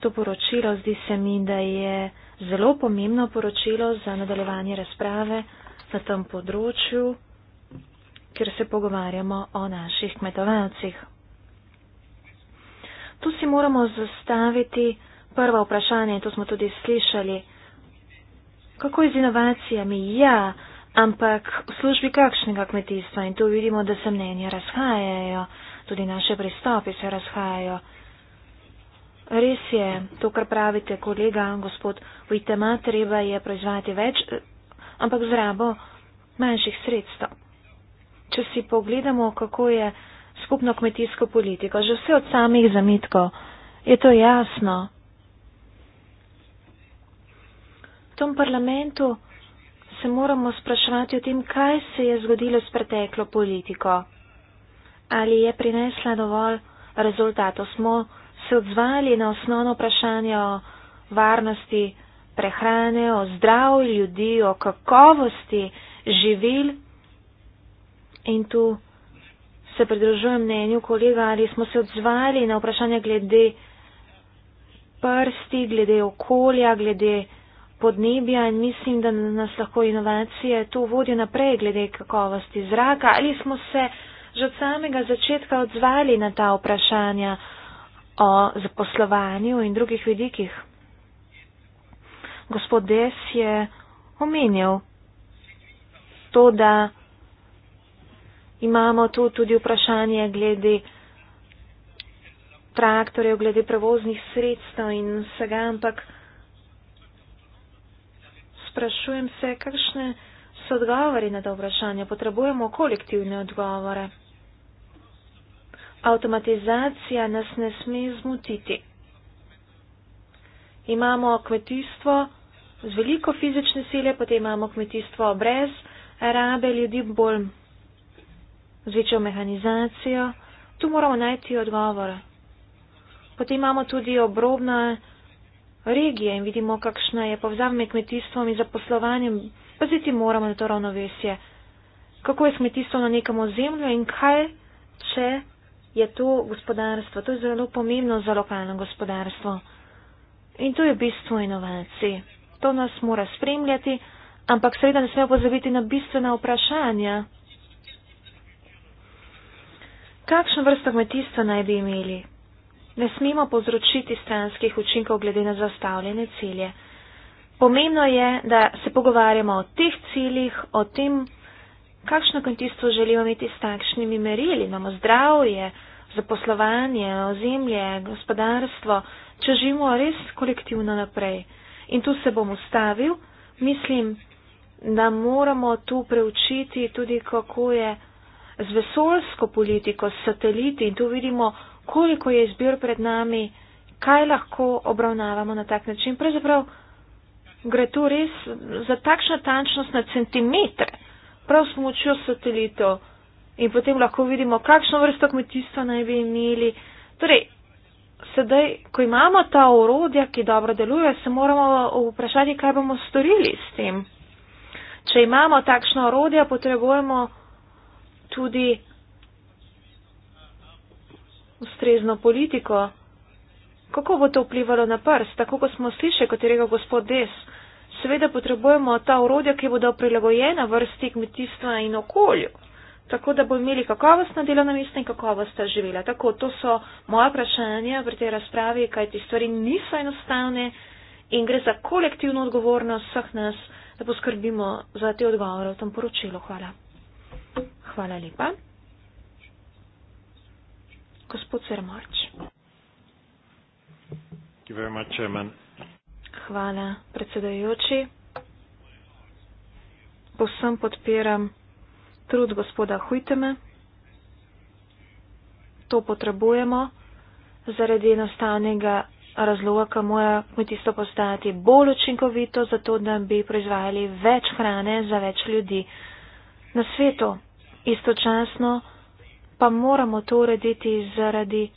to poročilo. Zdi se mi, da je zelo pomembno poročilo za nadaljevanje razprave na tem področju, ker se pogovarjamo o naših kmetovalcih. Tu si moramo zastaviti prvo vprašanje, in to smo tudi slišali. Kako je z inovacijami? Ja, Ampak v službi kakšnega kmetijstva in tu vidimo, da se mnenja razhajajo, tudi naše pristopi se razhajajo. Res je, to, kar pravite, kolega, gospod Vitema, treba je proizvajati več, ampak z rabo manjših sredstev. Če si pogledamo, kako je skupno kmetijsko politiko, že vse od samih zamitkov, je to jasno. V tom parlamentu se moramo spraševati o tem, kaj se je zgodilo s preteklo politiko. Ali je prinesla dovolj rezultatov? Smo se odzvali na osnovno vprašanje o varnosti prehrane, o zdravju ljudi, o kakovosti živil in tu se pridružujem mnenju kolega, ali smo se odzvali na vprašanje glede prsti, glede okolja, glede podnebja in mislim, da nas lahko inovacije to vodijo naprej glede kakovosti zraka. Ali smo se že od samega začetka odzvali na ta vprašanja o zaposlovanju in drugih vidikih? Gospod Des je omenil to, da imamo tu tudi vprašanje glede traktorjev, glede prevoznih sredstev in vsega, ampak sprašujem se, kakšne so odgovori na ta vprašanja. Potrebujemo kolektivne odgovore. Avtomatizacija nas ne sme zmotiti. Imamo kmetijstvo z veliko fizične sile, potem imamo kmetijstvo brez rabe ljudi bolj z večjo mehanizacijo. Tu moramo najti odgovore. Potem imamo tudi obrobne regije in vidimo, kakšna je povzame med kmetijstvom in zaposlovanjem, paziti moramo na to ravnovesje. Kako je s kmetijstvom na nekem ozemlju in kaj, če je to gospodarstvo. To je zelo pomembno za lokalno gospodarstvo. In to je bistvo inovacij. To nas mora spremljati, ampak seveda ne smemo pozabiti na bistvena vprašanja. Kakšno vrsto kmetijstva naj bi imeli? ne smemo povzročiti stranskih učinkov glede na zastavljene cilje. Pomembno je, da se pogovarjamo o teh ciljih, o tem, kakšno kmetijstvo želimo imeti s takšnimi merili. Imamo zdravje, zaposlovanje, ozemlje, gospodarstvo, če živimo res kolektivno naprej. In tu se bom ustavil. Mislim, da moramo tu preučiti tudi, kako je z vesolsko politiko, sateliti in tu vidimo koliko je izbir pred nami, kaj lahko obravnavamo na tak način. Pravzaprav gre tu res za takšno tančnost na centimetre. Prav s pomočjo satelitov in potem lahko vidimo, kakšno vrsto kmetijstva naj bi imeli. Torej, sedaj, ko imamo ta orodja, ki dobro deluje, se moramo vprašati, kaj bomo storili s tem. Če imamo takšno orodje, potrebujemo tudi ustrezno politiko. Kako bo to vplivalo na prst, tako kot smo slišali, katerega gospod Des? Seveda potrebujemo ta urodja, ki bodo prilagojena vrsti kmetijstva in okolju, tako da bo imeli kakovostna delovna mesta in kakovostna živela. Tako, to so moja vprašanja pri tej razpravi, kaj ti stvari niso enostavne in gre za kolektivno odgovornost vseh nas, da poskrbimo za te odgovore v tem poročilu. Hvala. Hvala lepa gospod Cermač. Hvala, predsedajoči. Posem podpiram trud gospoda Hujteme. To potrebujemo zaradi enostavnega razloga, ko mora kmetijstvo postati bolj učinkovito, zato da bi proizvajali več hrane za več ljudi na svetu. Istočasno pa moramo to urediti zaradi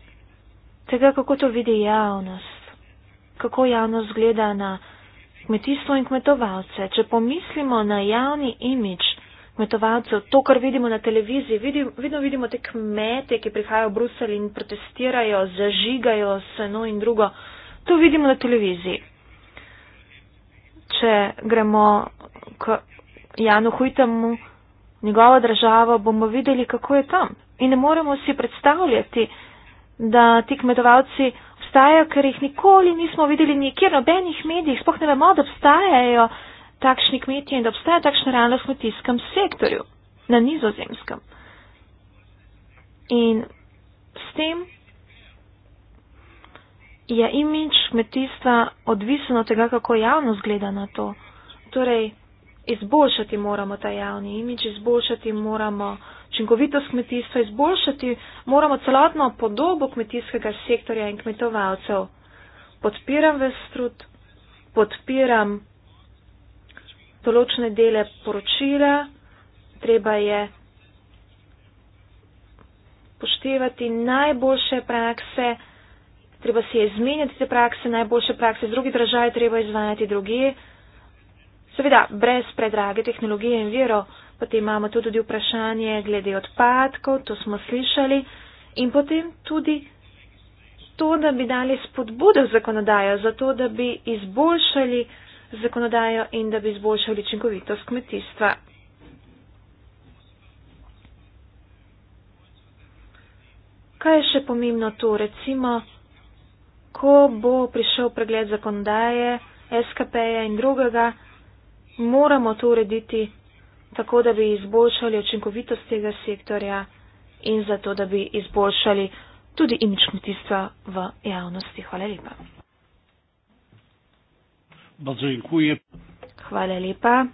tega, kako to vidi javnost, kako javnost gleda na kmetijstvo in kmetovalce. Če pomislimo na javni imič kmetovalcev, to, kar vidimo na televiziji, vidim, vedno vidimo te kmete, ki prihajajo v Bruselj in protestirajo, zažigajo se, no in drugo, to vidimo na televiziji. Če gremo k Janu Hujtemu, njegovo državo, bomo videli, kako je tam in ne moremo si predstavljati, da ti kmetovalci obstajajo, ker jih nikoli nismo videli nikjer, nobenih medijih, spoh ne vemo, da obstajajo takšni kmetje in da obstaja takšna realnost v kmetijskem sektorju na nizozemskem. In s tem je imič kmetijstva odvisen od tega, kako javnost gleda na to. Torej, izboljšati moramo ta javni imič, izboljšati moramo učinkovitost kmetijstva, izboljšati moramo celotno podobo kmetijskega sektorja in kmetovalcev. Podpiram Vestrud, podpiram določene dele poročila, treba je poštevati najboljše prakse, treba si je izmenjati te prakse, najboljše prakse z drugih držav, treba izvajati druge. Seveda, brez predrage tehnologije in virov. Potem imamo tudi vprašanje glede odpadkov, to smo slišali. In potem tudi to, da bi dali spodbudo zakonodajo, zato da bi izboljšali zakonodajo in da bi izboljšali učinkovitost kmetijstva. Kaj je še pomembno tu? Recimo, ko bo prišel pregled zakonodaje, SKP-ja in drugega, moramo to urediti tako da bi izboljšali učinkovitost tega sektorja in zato, da bi izboljšali tudi imič kmetijstva v javnosti. Hvala lepa. Hvala lepa.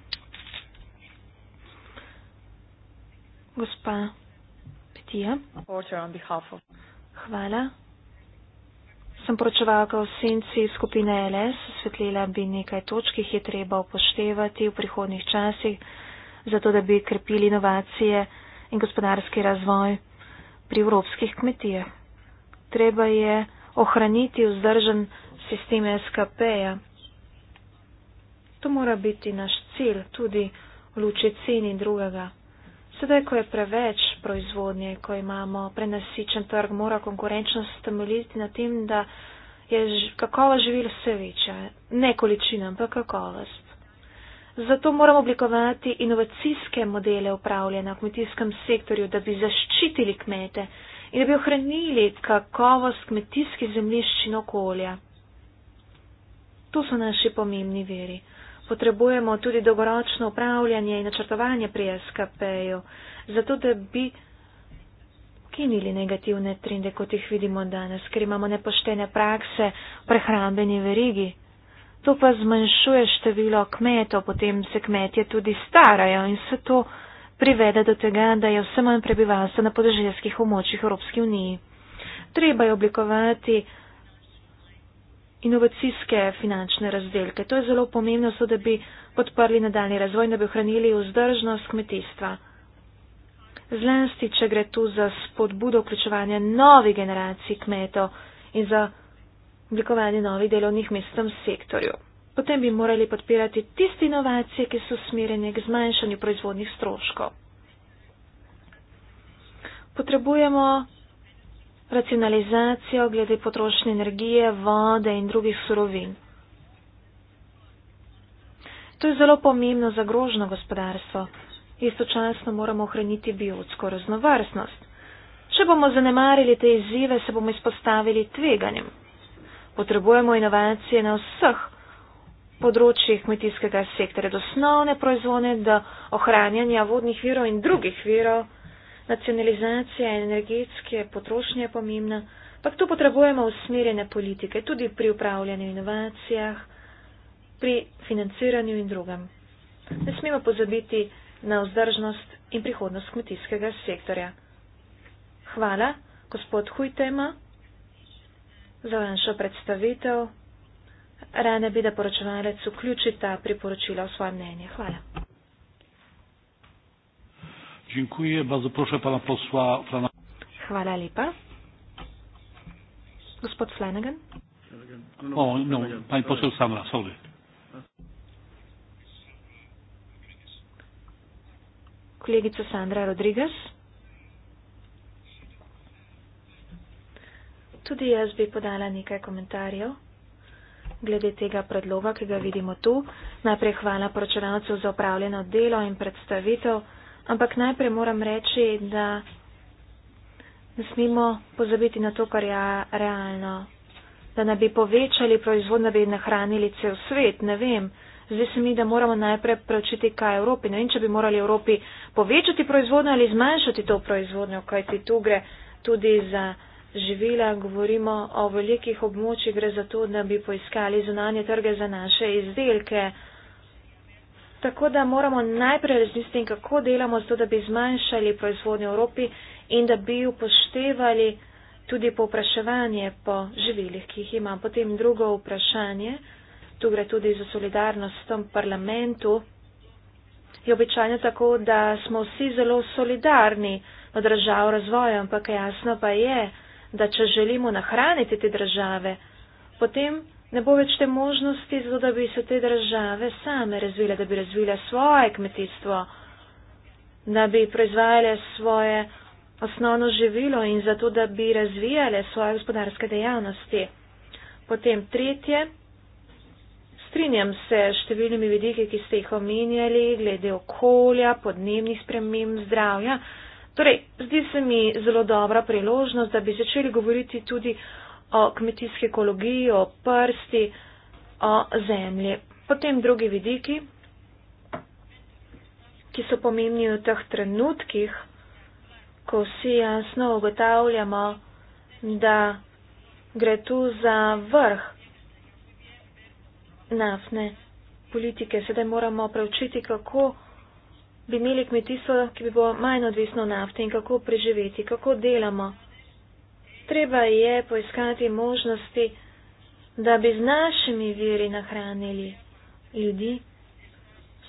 Gospa Petija. Hvala. Sem poročevalka v senci skupine LS, osvetlila bi nekaj točk, ki jih je treba upoštevati v prihodnih časih zato da bi krepili inovacije in gospodarski razvoj pri evropskih kmetijah. Treba je ohraniti vzdržen sistem SKP-ja. To mora biti naš cilj tudi v luči cen in drugega. Sedaj, ko je preveč proizvodnje, ko imamo prenasičen trg, mora konkurenčnost temeljiti na tem, da je kakovost živil vse večja. Ne količina, ampak kakovost. Zato moramo oblikovati inovacijske modele upravljanja v kmetijskem sektorju, da bi zaščitili kmete in da bi ohranili kakovost kmetijskih zemljišč in okolja. To so naši pomembni veri. Potrebujemo tudi dolgoročno upravljanje in načrtovanje pri SKP-ju, zato da bi ukinili negativne trende, kot jih vidimo danes, ker imamo nepoštene prakse v prehrambeni verigi to pa zmanjšuje število kmetov, potem se kmetje tudi starajo in se to privede do tega, da je vse manj prebivalstva na podeželjskih območjih Evropske unije. Treba je oblikovati inovacijske finančne razdelke. To je zelo pomembno, so da bi podprli nadaljni razvoj in da bi ohranili vzdržnost kmetijstva. Zlasti, če gre tu za spodbudo vključevanja novih generacij kmetov in za oblikovanje novih delovnih mest v sektorju. Potem bi morali podpirati tiste inovacije, ki so smerene k zmanjšanju proizvodnih stroškov. Potrebujemo racionalizacijo glede potrošnje energije, vode in drugih surovin. To je zelo pomembno za grožno gospodarstvo. Istočasno moramo ohraniti biotsko raznovrstnost. Če bomo zanemarili te izzive, se bomo izpostavili tveganjem. Potrebujemo inovacije na vseh področjih kmetijskega sektorja, od osnovne proizvodnje do ohranjanja vodnih virov in drugih virov. Nacionalizacija energetske potrošnje je pomembna, pa tu potrebujemo usmerjene politike tudi pri upravljanju inovacijah, pri financiranju in drugem. Ne smemo pozabiti na vzdržnost in prihodnost kmetijskega sektorja. Hvala, gospod Hujtema za vašo predstavitev. Rane bi, da poročevalec vključi ta priporočila v svoje mnenje. Hvala. Dziękuję bardzo. Proszę pana posła Flanagan. Hvala lepa. Gospod Flanagan. O, no, pan poseł Sandra, sorry. Kolegica Sandra Rodriguez. tudi jaz bi podala nekaj komentarjev glede tega predloga, ki ga vidimo tu. Najprej hvala poročevalcev za upravljeno delo in predstavitev, ampak najprej moram reči, da ne smemo pozabiti na to, kar je realno. Da ne bi povečali proizvodnjo, da bi nahranili cel svet, ne vem. Zdaj se mi, da moramo najprej preučiti, kaj je Evropi. Ne vem, če bi morali Evropi povečati proizvodnjo ali zmanjšati to proizvodnjo, kaj ti tu gre tudi za živila, govorimo o velikih območjih, gre za to, da bi poiskali zunanje trge za naše izdelke. Tako da moramo najprej razmisliti, kako delamo s to, da bi zmanjšali proizvodnjo v Evropi in da bi upoštevali tudi povpraševanje po živilih, ki jih ima. Potem drugo vprašanje, tu gre tudi za solidarnost v tem parlamentu, je običajno tako, da smo vsi zelo solidarni v državu razvoja, ampak jasno pa je, da če želimo nahraniti te države, potem ne bo več te možnosti, zato da bi se te države same razvile, da bi razvile svoje kmetijstvo, da bi proizvajale svoje osnovno živilo in zato, da bi razvijale svoje gospodarske dejavnosti. Potem tretje, strinjam se s številnimi vidiki, ki ste jih omenjali, glede okolja, podnebnih sprememb, zdravja. Ja. Torej, zdi se mi zelo dobra priložnost, da bi začeli govoriti tudi o kmetijski ekologiji, o prsti, o zemlji. Potem drugi vidiki, ki so pomembni v teh trenutkih, ko vsi jasno ugotavljamo, da gre tu za vrh naftne politike. Sedaj moramo preučiti, kako bi imeli kmetijstvo, ki bi bilo manj odvisno nafte in kako preživeti, kako delamo. Treba je poiskati možnosti, da bi z našimi viri nahranili ljudi.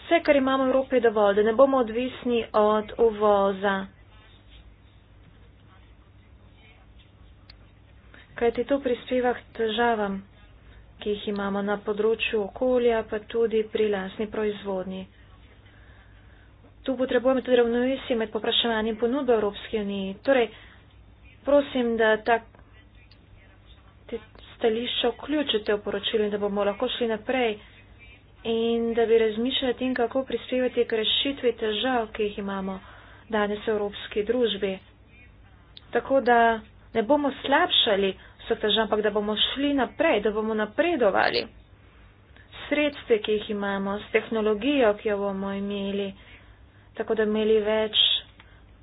Vse, kar imamo v Evropi, je dovolj, da ne bomo odvisni od uvoza. Kaj ti to prispeva k težavam, ki jih imamo na področju okolja, pa tudi pri lasni proizvodnji tu potrebujemo tudi ravnovesje med popraševanjem ponudbe Evropske unije. Torej, prosim, da ta, te stališča vključite v poročilo in da bomo lahko šli naprej in da bi razmišljali o tem, kako prispevati k rešitvi težav, ki jih imamo danes v Evropski družbi. Tako da ne bomo slabšali vseh težav, ampak da bomo šli naprej, da bomo napredovali. Sredstve, ki jih imamo, s tehnologijo, ki jo bomo imeli, tako da imeli več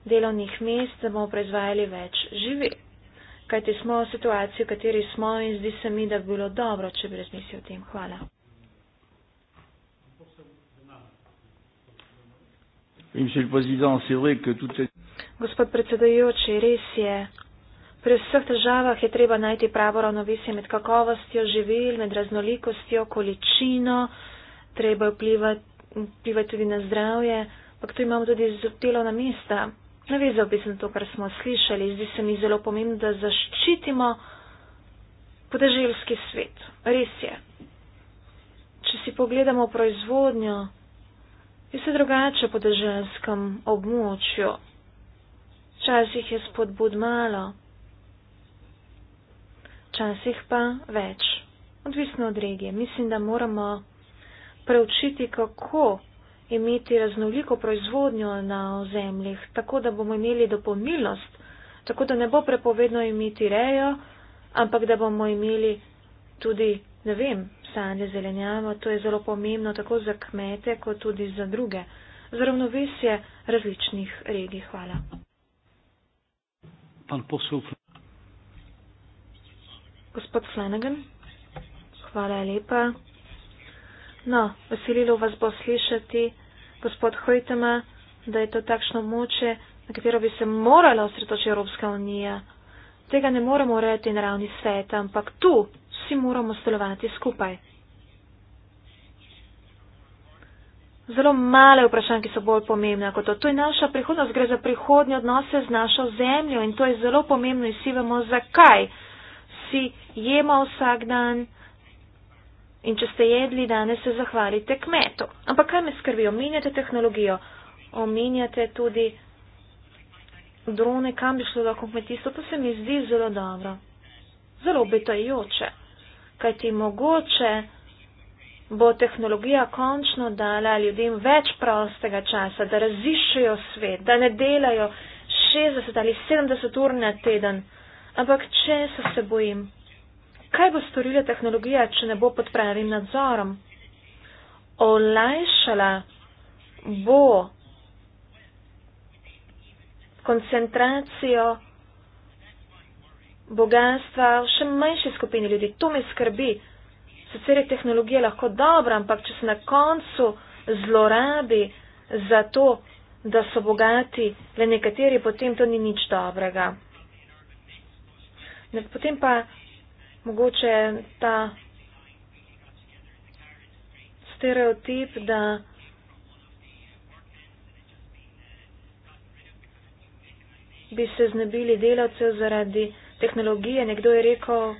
delovnih mest, da bomo proizvajali več živi. Kajti smo v situaciji, v kateri smo in zdi se mi, da bi bilo dobro, če bi razmislil o tem. Hvala. Gospod predsedajoči, res je. Pri vseh državah je treba najti pravo ravnovesje med kakovostjo živil, med raznolikostjo, količino, treba vplivati, vplivati tudi na zdravje ampak tu imamo tudi delovna mesta. Navezal bi se na to, kar smo slišali. Zdi se mi zelo pomembno, da zaščitimo podeželski svet. Res je. Če si pogledamo proizvodnjo, je vse drugače po podeželskem območju. Včasih je spodbud malo, včasih pa več. Odvisno od regije. Mislim, da moramo preučiti, kako imeti raznoliko proizvodnjo na ozemljih, tako da bomo imeli dopolnilnost, tako da ne bo prepovedno imeti rejo, ampak da bomo imeli tudi, ne vem, sanje zelenjava. To je zelo pomembno tako za kmete, kot tudi za druge. Za ravnovesje različnih regij. Hvala. Gospod Flanagan, hvala lepa. No, veselilo vas bo slišati gospod Hojtema, da je to takšno moče, na katero bi se morala osredotočiti Evropska unija. Tega ne moremo urejati na ravni sveta, ampak tu vsi moramo stolovati skupaj. Zelo male vprašanje, ki so bolj pomembne kot to. To je naša prihodnost, gre za prihodnje odnose z našo zemljo in to je zelo pomembno in vsi vemo, zakaj si jemo vsak dan. In če ste jedli, danes se zahvalite kmetu. Ampak kaj me skrbi? Omenjate tehnologijo, omenjate tudi drone, kam bi šlo lahko kmetijstvo. To se mi zdi zelo dobro. Zelo obetajoče. Kaj ti mogoče bo tehnologija končno dala ljudem več prostega časa, da raziščejo svet, da ne delajo 60 ali 70 ur na teden. Ampak če se bojim, Kaj bo storila tehnologija, če ne bo pod pravim nadzorom? Olajšala bo koncentracijo bogatstva v še manjši skupini ljudi. To me skrbi. Sicer je tehnologija lahko dobra, ampak če se na koncu zlorabi za to, da so bogati le nekateri, potem to ni nič dobrega. Potem pa mogoče ta stereotip, da bi se znebili delavcev zaradi tehnologije. Nekdo je rekel,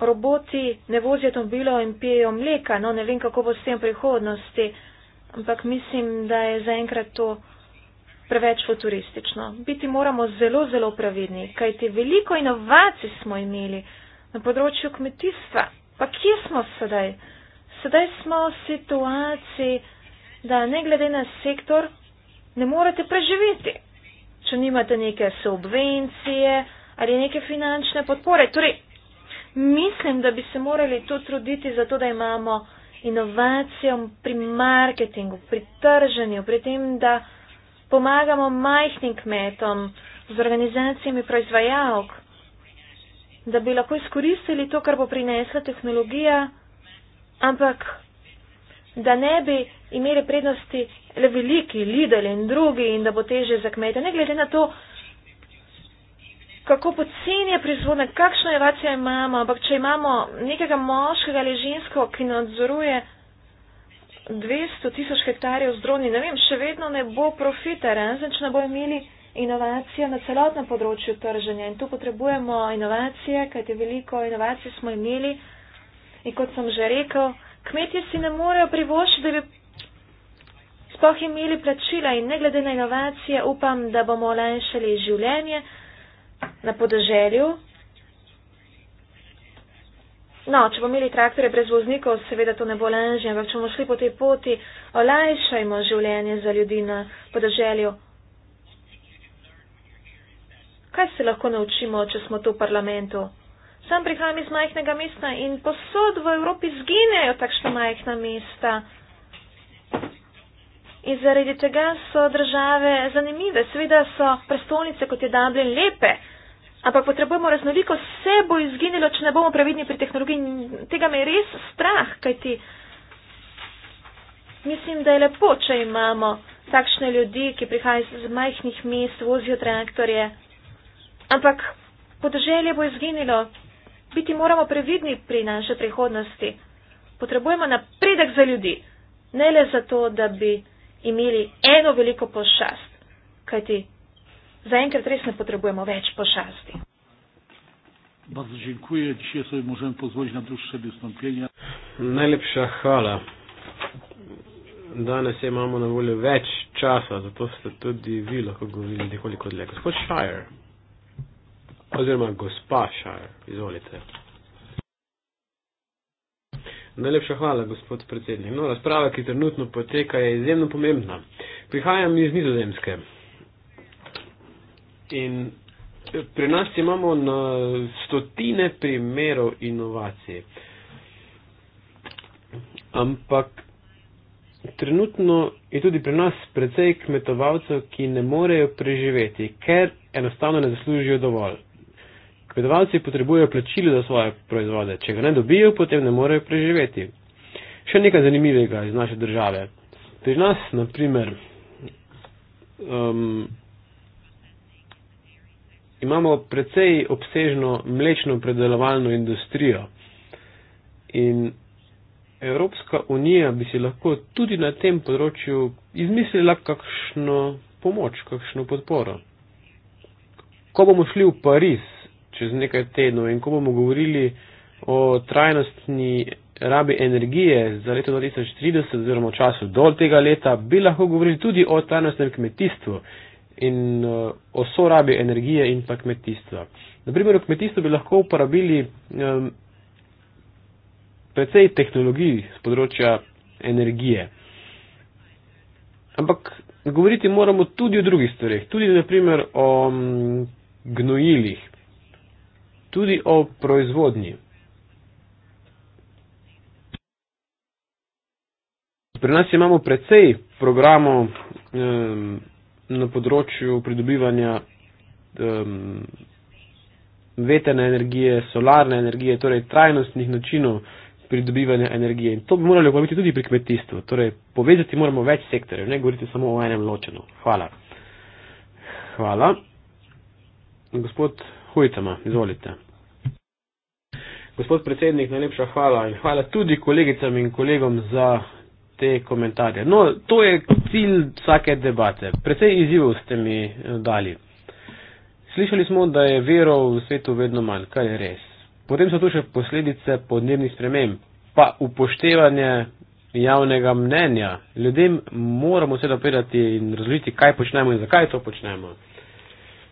roboti ne vozijo avtomobila in pijejo mleka. No, ne vem, kako bo s tem v prihodnosti, ampak mislim, da je zaenkrat to preveč futuristično. Biti moramo zelo, zelo previdni, kajti veliko inovacij smo imeli na področju kmetijstva. Pa kje smo sedaj? Sedaj smo v situaciji, da ne glede na sektor, ne morete preživeti, če nimate neke subvencije ali neke finančne podpore. Torej, mislim, da bi se morali to truditi zato, da imamo inovacijo pri marketingu, pri trženju, pri tem, da pomagamo majhnim kmetom, z organizacijami proizvajalk, da bi lahko izkoristili to, kar bo prinesla tehnologija, ampak da ne bi imeli prednosti le veliki, lideli in drugi in da bo teže za kmete. Ne glede na to, kako poceni je proizvodna, kakšno inovacijo imamo, ampak če imamo nekega moškega ali žensko, ki nadzoruje 200 tisoč hektarjev zdroni, ne vem, še vedno ne bo profita, razen če ne bo imeli inovacije na celotnem področju trženja. In tu potrebujemo inovacije, kajte veliko inovacij smo imeli. In kot sem že rekel, kmetje si ne morejo privošiti, da bi sploh imeli plačila in ne glede na inovacije, upam, da bomo olajšali življenje na podeželju, No, če bomo imeli traktore brez voznikov, seveda to ne bo lažje, ampak če bomo šli po tej poti, olajšajmo življenje za ljudi na podeželju. Kaj se lahko naučimo, če smo tu v parlamentu? Sam prihajam iz majhnega mesta in posod v Evropi zginejo takšna majhna mesta. In zaradi tega so države zanimive. Seveda so prestolnice, kot je Dublin, lepe ampak potrebujemo raznoliko, vse bo izginilo, če ne bomo previdni pri tehnologiji. Tega me je res strah, kajti mislim, da je lepo, če imamo takšne ljudi, ki prihajajo iz majhnih mest, vozijo traktorje, ampak podeželje bo izginilo. Biti moramo previdni pri naše prihodnosti. Potrebujemo napredek za ljudi, ne le zato, da bi imeli eno veliko pošast, kajti Zaenkrat res ne potrebujemo več pošasti. Bardzo dziękuję. Dzisiaj sobie możemy pozwolić na dłuższe wystąpienia. Najlepsza chwała. Danes je imamo na voljo več časa, zato ste tudi vi lahko govorili nekoliko dlje. Gospod Šajer, oziroma gospa Šajer, izvolite. Najlepša hvala, gospod predsednik. No, razprava, ki trenutno poteka, je izjemno pomembna. Prihajam iz nizozemske. In eh, pri nas imamo na stotine primerov inovacij. Ampak trenutno je tudi pri nas precej kmetovalcev, ki ne morejo preživeti, ker enostavno ne zaslužijo dovolj. Kmetovalci potrebujejo plačilo za svoje proizvode. Če ga ne dobijo, potem ne morejo preživeti. Še nekaj zanimivega iz naše države. Pri nas, naprimer, um, imamo precej obsežno mlečno predelovalno industrijo. In Evropska unija bi si lahko tudi na tem področju izmislila kakšno pomoč, kakšno podporo. Ko bomo šli v Pariz čez nekaj tednov in ko bomo govorili o trajnostni rabi energije za leto 2030 oziroma v času do tega leta, bi lahko govorili tudi o trajnostnem kmetijstvu in eh, o sorabi energije in pa kmetijstva. Naprimer, v kmetijstvu bi lahko uporabili precej tehnologij z področja energije. Ampak govoriti moramo tudi o drugih stvarih, tudi naprimer o gnojilih, tudi o proizvodnji. Pri nas imamo precej programov na področju pridobivanja um, vetene energije, solarne energije, torej trajnostnih načinov pridobivanja energije. In to bi morali uporabiti tudi pri kmetijstvu. Torej, povezati moramo več sektorjev, ne govoriti samo o enem ločeno. Hvala. Hvala. Gospod Hojtama, izvolite. Gospod predsednik, najlepša hvala in hvala tudi kolegicam in kolegom za te komentarje. No, to je stil vsake debate. Predvsej izzivov ste mi eh, dali. Slišali smo, da je vero v svetu vedno manj, kar je res. Potem so tu še posledice podnebnih sprememb, pa upoštevanje javnega mnenja. Ljudem moramo se dopedati in razložiti, kaj počnemo in zakaj to počnemo.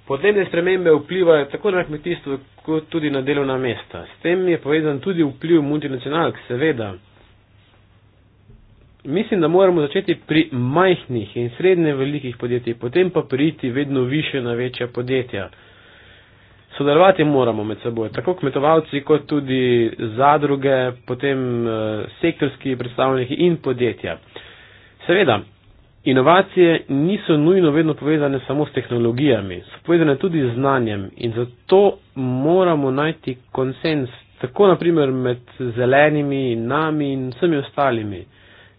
Podnebne spremembe vplivajo tako na kmetijstvo, kot tudi na delovna mesta. S tem je povezan tudi vpliv multinacionalk, seveda mislim, da moramo začeti pri majhnih in srednje velikih podjetjih, potem pa priti vedno više na večja podjetja. Sodelovati moramo med seboj, tako kmetovalci, kot tudi zadruge, potem eh, sektorski predstavniki in podjetja. Seveda, inovacije niso nujno vedno povezane samo s tehnologijami, so povezane tudi z znanjem in zato moramo najti konsens, tako naprimer med zelenimi, nami in vsemi ostalimi.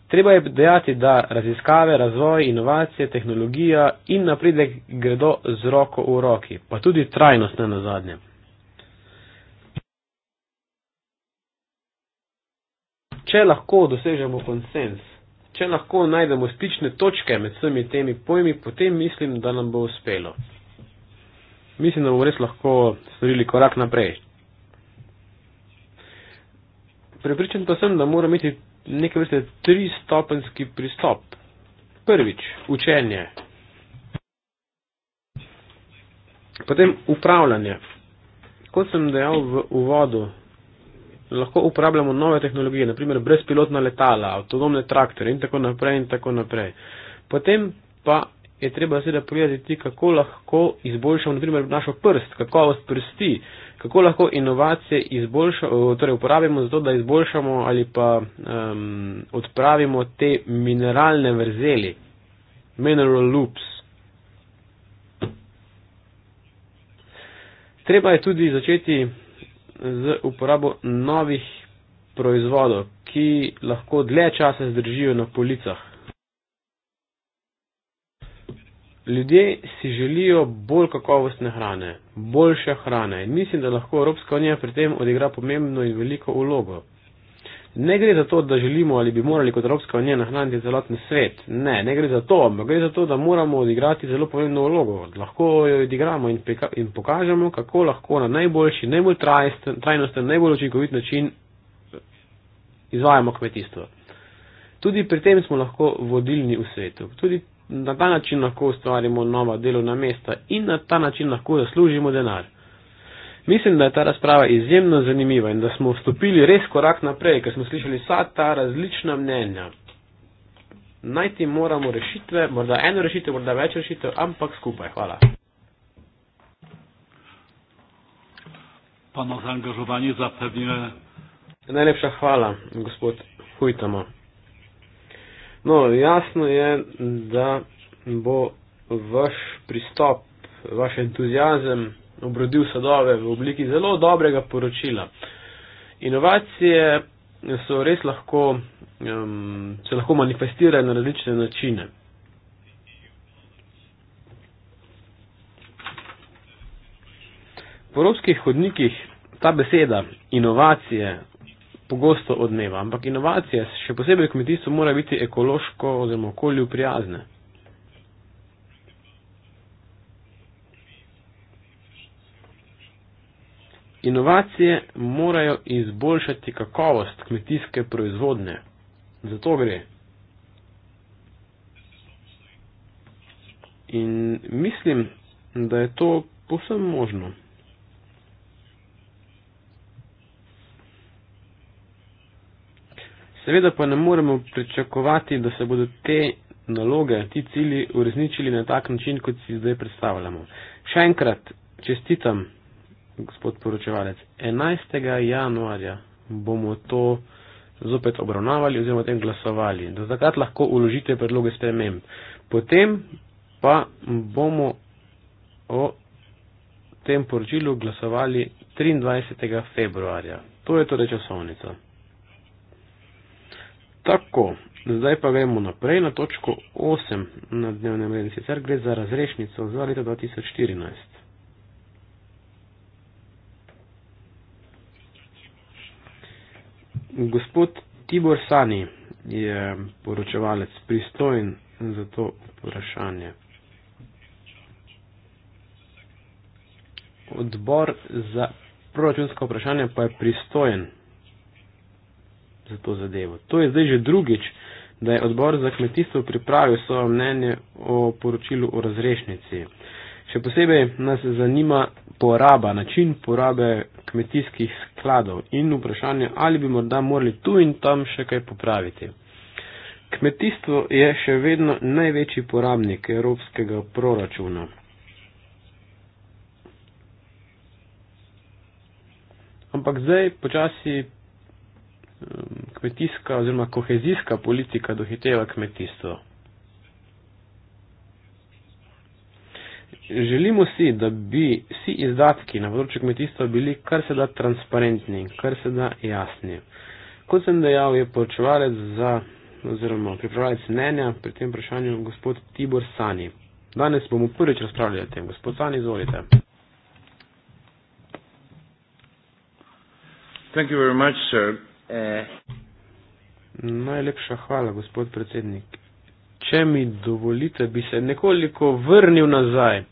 Treba je dejati, da raziskave, razvoj, inovacije, tehnologija in napredek gredo z roko v roki, pa tudi trajnost na zadnje. Če lahko dosežemo konsens, če lahko najdemo stične točke med vsemi temi pojmi, potem mislim, da nam bo uspelo. Mislim, da bomo res lahko storili korak naprej. Prepričan pa sem, da mora imeti nekaj vrste tri stopenski pristop. Prvič, učenje. Potem upravljanje. Kot sem dejal v uvodu, lahko uporabljamo nove tehnologije, naprimer brezpilotna letala, avtonomne traktore in tako naprej in tako naprej. Potem pa je treba seveda pogledati, kako lahko izboljšamo naprimer našo prst, kakovost prsti, kako lahko inovacije torej uporabimo za to, da izboljšamo ali pa um, odpravimo te mineralne vrzeli, mineral loops. Treba je tudi začeti z uporabo novih proizvodov, ki lahko dlje časa zdržijo na policah. Ljudje si želijo bolj kakovostne hrane, boljše hrane in mislim, da lahko Evropska unija pri tem odigra pomembno in veliko ulogo. Ne gre za to, da želimo ali bi morali kot Evropska unija nahraniti celoten svet. Ne, ne gre za to, ampak gre za to, da moramo odigrati zelo pomembno ulogo. Lahko jo odigramo in, in pokažemo, kako lahko na najboljši, najbolj trajnosten, najbolj učinkovit način eh, izvajamo kmetijstvo. Tudi pri tem smo lahko vodilni v svetu. Tudi na ta način lahko ustvarimo nova delovna mesta in na ta način lahko zaslužimo denar. Mislim, da je ta razprava izjemno zanimiva in da smo vstopili res korak naprej, ker smo slišali vsa ta različna mnenja. Najti moramo rešitve, morda eno rešitev, morda več rešitev, ampak skupaj. Hvala. Pa na zaangažovanje zapevnjuje. Najlepša hvala, gospod Hujtama. No, jasno je, da bo vaš pristop, vaš entuzijazem obrodil sadove v obliki zelo dobrega poročila. Inovacije so res lahko, um, se lahko manifestirajo na različne načine. V evropskih hodnikih ta beseda inovacije pogosto odmeva, ampak inovacije, še posebej kmetijstvo, mora biti ekološko oziroma okolju prijazne. Inovacije morajo izboljšati kakovost kmetijske proizvodnje. Zato gre. In mislim, da je to povsem možno. Seveda pa ne moremo pričakovati, da se bodo te naloge, ti cilji uresničili na tak način, kot si zdaj predstavljamo. Še enkrat čestitam, gospod poročevalec, 11. januarja bomo to zopet obravnavali oziroma tem glasovali. Do takrat lahko uložite predloge sprememb. Potem pa bomo o tem poročilu glasovali 23. februarja. To je torej časovnica. Tako, zdaj pa gremo naprej na točko 8 na dnevnem redu, sicer gre za razrešnico za leto 2014. Gospod Tibor Sani je poročevalec pristojen za to vprašanje. Odbor za proračunsko vprašanje pa je pristojen za to zadevo. To je zdaj že drugič, da je odbor za kmetijstvo pripravil svoje mnenje o poročilu o razrešnici. Še posebej nas zanima poraba, način porabe kmetijskih skladov in vprašanje, ali bi morda morali tu in tam še kaj popraviti. Kmetijstvo je še vedno največji porabnik evropskega proračuna. Ampak zdaj počasi Eh, kmetijska oziroma kohezijska politika dohiteva kmetijstvo. Želimo si, da bi vsi izdatki na področju kmetijstva bili kar se da transparentni, kar se da jasni. Kot sem dejal, je poročevalec za oziroma pripravljalec mnenja pri tem vprašanju gospod Tibor Sani. Danes bomo prvič razpravljali o tem. Gospod Sani, izvolite. Thank you very much, sir. Eh. Najlepša hvala, gospod predsednik. Če mi dovolite, bi se nekoliko vrnil nazaj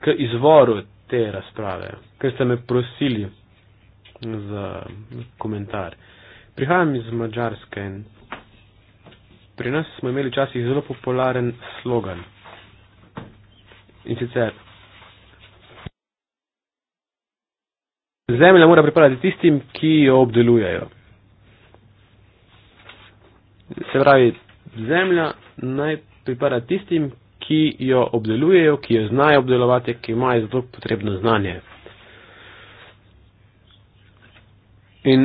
k izvoru te razprave, ker ste me prosili za komentar. Prihajam iz Mačarske in pri nas smo imeli včasih zelo popularen slogan. In sicer Zemlja mora pripadati tistim, ki jo obdelujejo. Se pravi, zemlja naj pripada tistim, ki jo obdelujejo, ki jo znajo obdelovati, ki imajo za to potrebno znanje. In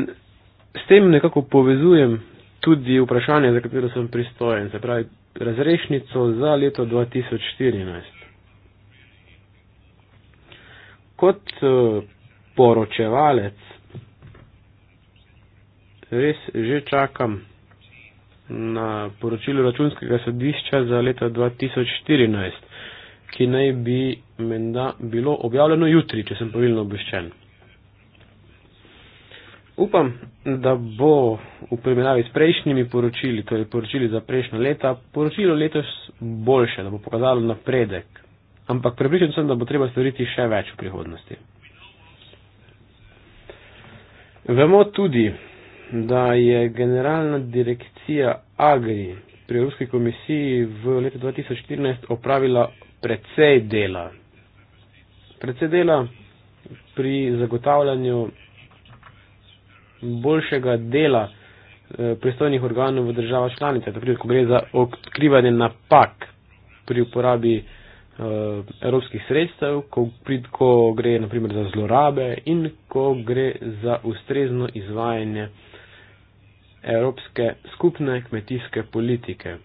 s tem nekako povezujem tudi vprašanje, za katero sem pristojen, se pravi, razrešnico za leto 2014. Kot eh, poročevalec. Res že čakam na poročilo računskega sodišča za leto 2014, ki naj bi menda bilo objavljeno jutri, če sem pravilno obveščen. Upam, da bo v primerjavi s prejšnjimi poročili, torej poročili za prejšnja leta, poročilo letos boljše, da bo pokazalo napredek. Ampak prepričan sem, da bo treba storiti še več v prihodnosti. Vemo tudi, da je generalna direkcija Agri pri Evropski komisiji v letu 2014 opravila precej dela. Precej dela pri zagotavljanju boljšega dela eh, pristojnih organov v državah članice, tako kot gre za odkrivanje napak pri uporabi eh, Eh, evropskih sredstev, ko, ko gre naprimer za zlorabe in ko gre za ustrezno izvajanje evropske skupne kmetijske politike.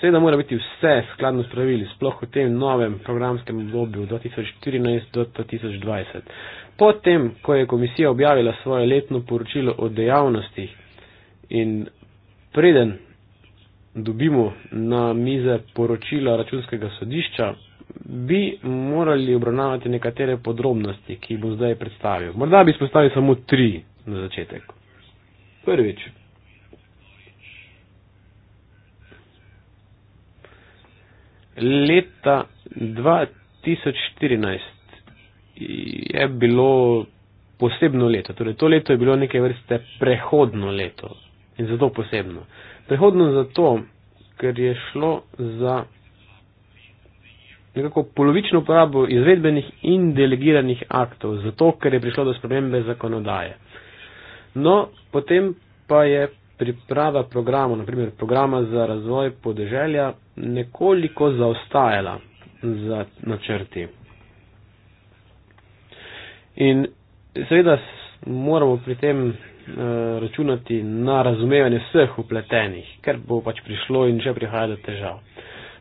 Seveda mora biti vse skladno s pravili, sploh v tem novem programskem obdobju 2014 do 2020. Potem, ko je komisija objavila svoje letno poročilo o dejavnostih in preden dobimo na mize poročila računskega sodišča, bi morali obravnavati nekatere podrobnosti, ki jih bom zdaj predstavil. Morda bi spostavil samo tri na začetek. Prvič. Leta 2014 je bilo posebno leto, torej to leto je bilo neke vrste prehodno leto in zato posebno. Uh, Prehodno zato, ker je šlo za nekako polovično uporabo izvedbenih in delegiranih aktov, zato ker je prišlo do spremembe zakonodaje. No, potem pa je priprava programov, naprimer programa za razvoj podeželja, nekoliko zaostajala za načrti. In seveda moramo pri tem Eh, računati na razumevanje vseh upletenih, ker bo pač prišlo in že prihaja do težav.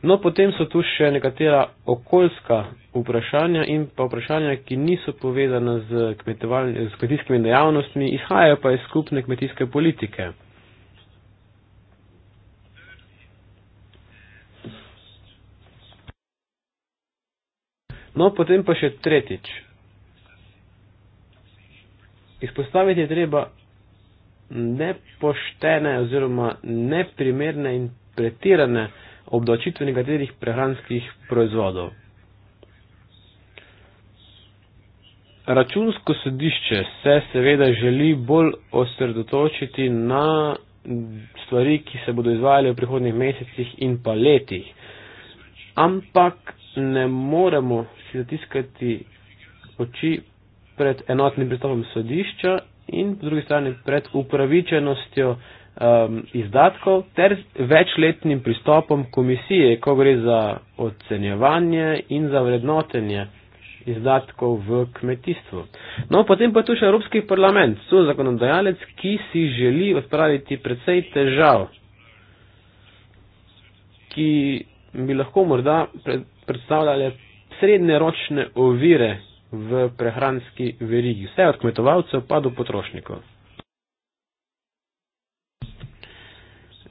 No, potem so tu še nekatera okoljska vprašanja in pa vprašanja, ki niso povezana z, z kmetijskimi dejavnostmi, izhajajo pa iz skupne kmetijske politike. No, potem pa še tretjič. Izpostaviti je treba nepoštene oziroma neprimerne in pretirane obdočitve nekaterih prehranskih proizvodov. Računsko sodišče se seveda želi bolj osredotočiti na stvari, ki se bodo izvajale v prihodnih mesecih in pa letih. Ampak ne moremo si zatiskati oči pred enotnim pristopom sodišča in po drugi strani pred upravičenostjo um, izdatkov ter večletnim pristopom komisije, ko gre za ocenjevanje in za vrednotenje izdatkov v kmetijstvu. No, potem pa tu še Evropski parlament, so zakonodajalec, ki si želi odpraviti predvsej težav, ki bi lahko morda predstavljale srednjeročne ovire v prehranski verigi, vse od kmetovalcev pa do potrošnikov.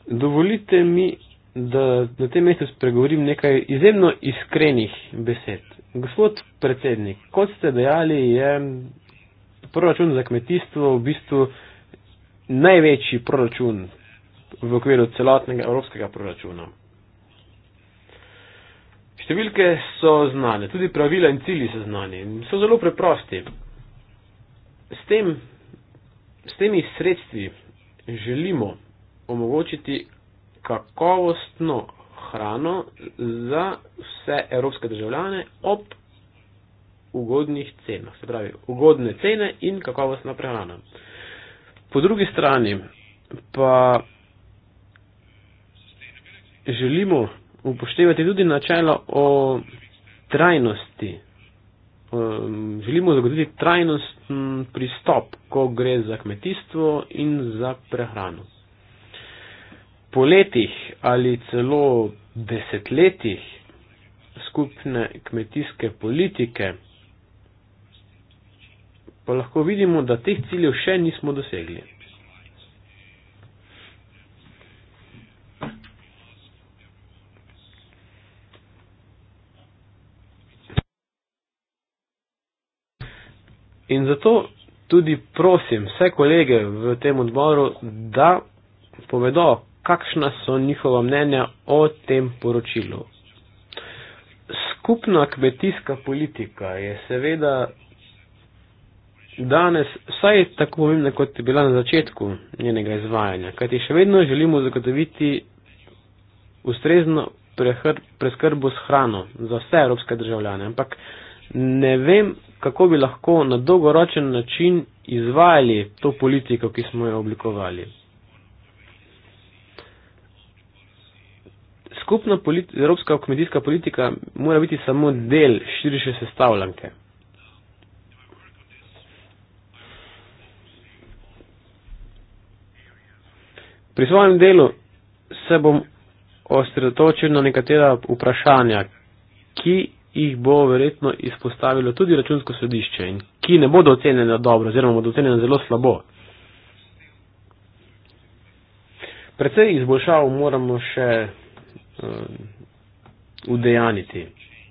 Dovolite mi, da na tem mestu spregovorim nekaj izjemno iskrenih besed. Gospod predsednik, kot ste dejali, je proračun za kmetijstvo v bistvu največji proračun v okviru celotnega evropskega proračuna. Številke so znane, tudi pravila in cilji so znani in so zelo preprosti. S, tem, s temi sredstvi želimo omogočiti kakovostno hrano za vse evropske državljane ob ugodnih cenah. Se pravi, ugodne cene in kakovostna prehrana. Po drugi strani pa želimo upoštevati tudi načelo o trajnosti. Želimo zagotoviti trajnosten pristop, ko gre za kmetijstvo in za prehrano. Po letih ali celo desetletjih skupne kmetijske politike pa lahko vidimo, da teh ciljev še nismo dosegli. In zato tudi prosim vse kolege v tem odboru, da povedo, kakšna so njihova mnenja o tem poročilu. Skupna kmetijska politika je seveda danes vsaj tako pomembna, kot je bila na začetku njenega izvajanja, kajti še vedno želimo zagotoviti ustrezno preskrbo s hrano za vse evropske državljane. Ampak ne vem, kako bi lahko na dolgoročen način izvajali to politiko, ki smo jo oblikovali. Skupna politi evropska kmetijska politika mora biti samo del širše sestavljanke. Pri svojem delu se bom osredotočil na nekatera vprašanja, ki jih bo verjetno izpostavilo tudi računsko sodišče in ki ne bodo ocenjene dobro oziroma bodo ocenjene zelo slabo. Predvsej izboljšav moramo še um, udejaniti.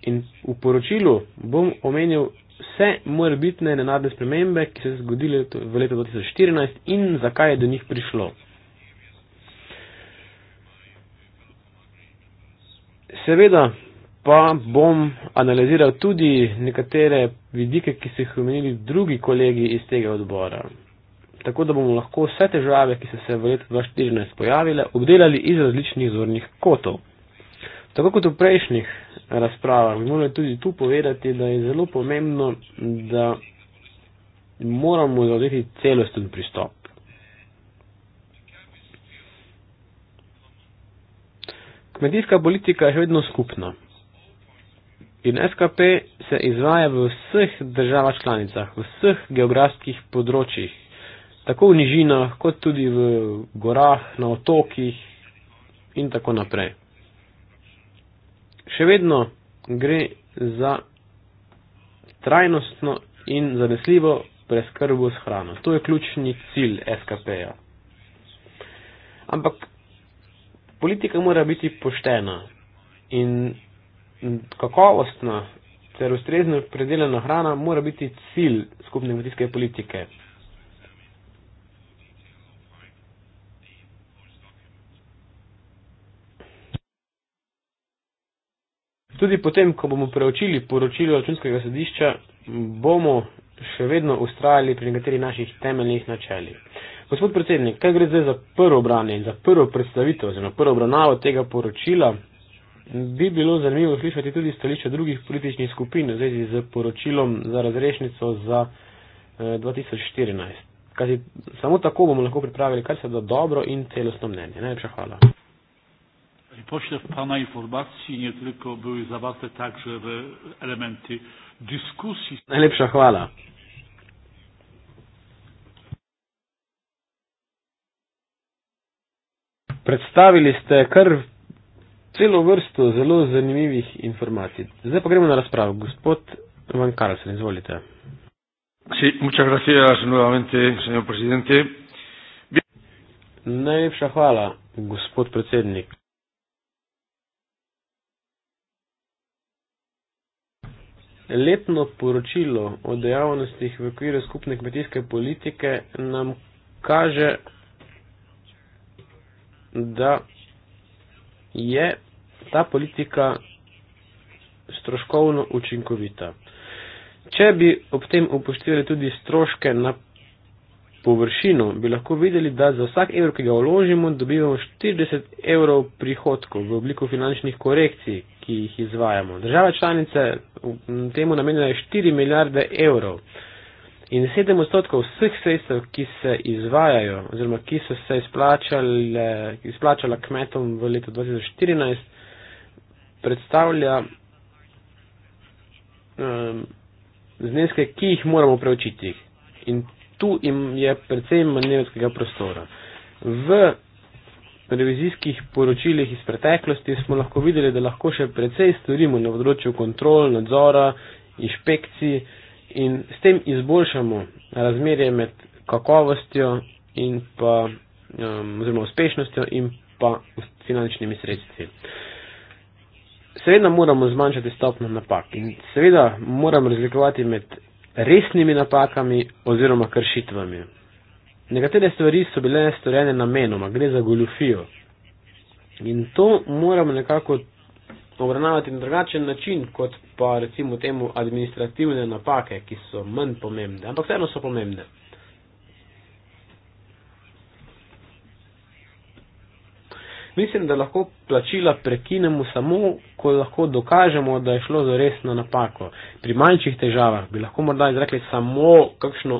In v poročilu bom omenil vse morbitne nenadne spremembe, ki so se zgodile v letu 2014 in zakaj je do njih prišlo. Seveda, pa bom analiziral tudi nekatere vidike, ki so jih omenili drugi kolegi iz tega odbora. Tako da bomo lahko vse težave, ki so se v letu 2014 pojavile, obdelali iz različnih zornih kotov. Tako kot v prejšnjih razpravah, bi morali tudi tu povedati, da je zelo pomembno, da moramo zavzeti celosten pristop. Kmetijska politika je še vedno skupna. In SKP se izvaja v vseh državah članicah, v vseh geografskih področjih, tako v nižinah, kot tudi v gorah, na otokih in tako naprej. Še vedno gre za trajnostno in zanesljivo preskrbo s hrano. To je ključni cilj SKP-ja. Ampak politika mora biti poštena in kakovostna ter ustrezno predelana hrana mora biti cilj skupne kmetijske politike. Tudi potem, ko bomo preučili poročilo računskega sodišča, bomo še vedno ustrajali pri nekaterih naših temeljnih načeljih. Gospod predsednik, kaj gre zdaj za prvo branje in za prvo predstavitev, oziroma prvo obravnavo tega poročila, bi bilo zanimivo slišati tudi stališče drugih političnih skupin v zvezi z poročilom za razrešnico za 2014. Eh, Kaj, samo tako bomo lahko pripravili kar se da dobro in celostno mnenje. Najlepša hvala. Pošlje pana informacij, ne toliko bili zavate, takže v elementi diskusij. Najlepša hvala. Predstavili ste kar celo vrsto zelo zanimivih informacij. Zdaj pa gremo na razpravo. Gospod Van Karlsen, izvolite. Sí, gracias, nuevamente, Najlepša hvala, gospod predsednik. Letno poročilo o dejavnostih v okviru skupne kmetijske politike nam kaže, da je ta politika stroškovno učinkovita. Če bi ob tem upoštevali tudi stroške na površino, bi lahko videli, da za vsak evro, ki ga vložimo, dobivamo 40 evrov prihodkov v obliku finančnih korekcij, ki jih izvajamo. Država članice temu namenjajo 4 milijarde evrov. In 7 odstotkov vseh sredstev, ki se izvajajo, oziroma ki so se izplačale, izplačala kmetom v letu 2014, predstavlja um, zneske, ki jih moramo preučiti. In tu jim je predvsem manevrskega prostora. V revizijskih poročilih iz preteklosti smo lahko videli, da lahko še predvsej storimo na področju kontrol, nadzora, inšpekcij in s tem izboljšamo razmerje med kakovostjo in pa um, oziroma uspešnostjo in pa finančnimi sredstvi. Uh, seveda moramo zmanjšati stopno napak in seveda moramo razlikovati med resnimi napakami oziroma kršitvami. Nekatere stvari so bile storjene namenoma, gre za goljufijo. In to moramo nekako obravnavati na drugačen način, kot pa recimo temu administrativne napake, ki so manj pomembne, ampak vseeno so pomembne. Mislim, da lahko plačila prekinemo samo, ko lahko dokažemo, da je šlo za resno napako. Pri manjših težavah bi lahko morda izrekli samo kakšno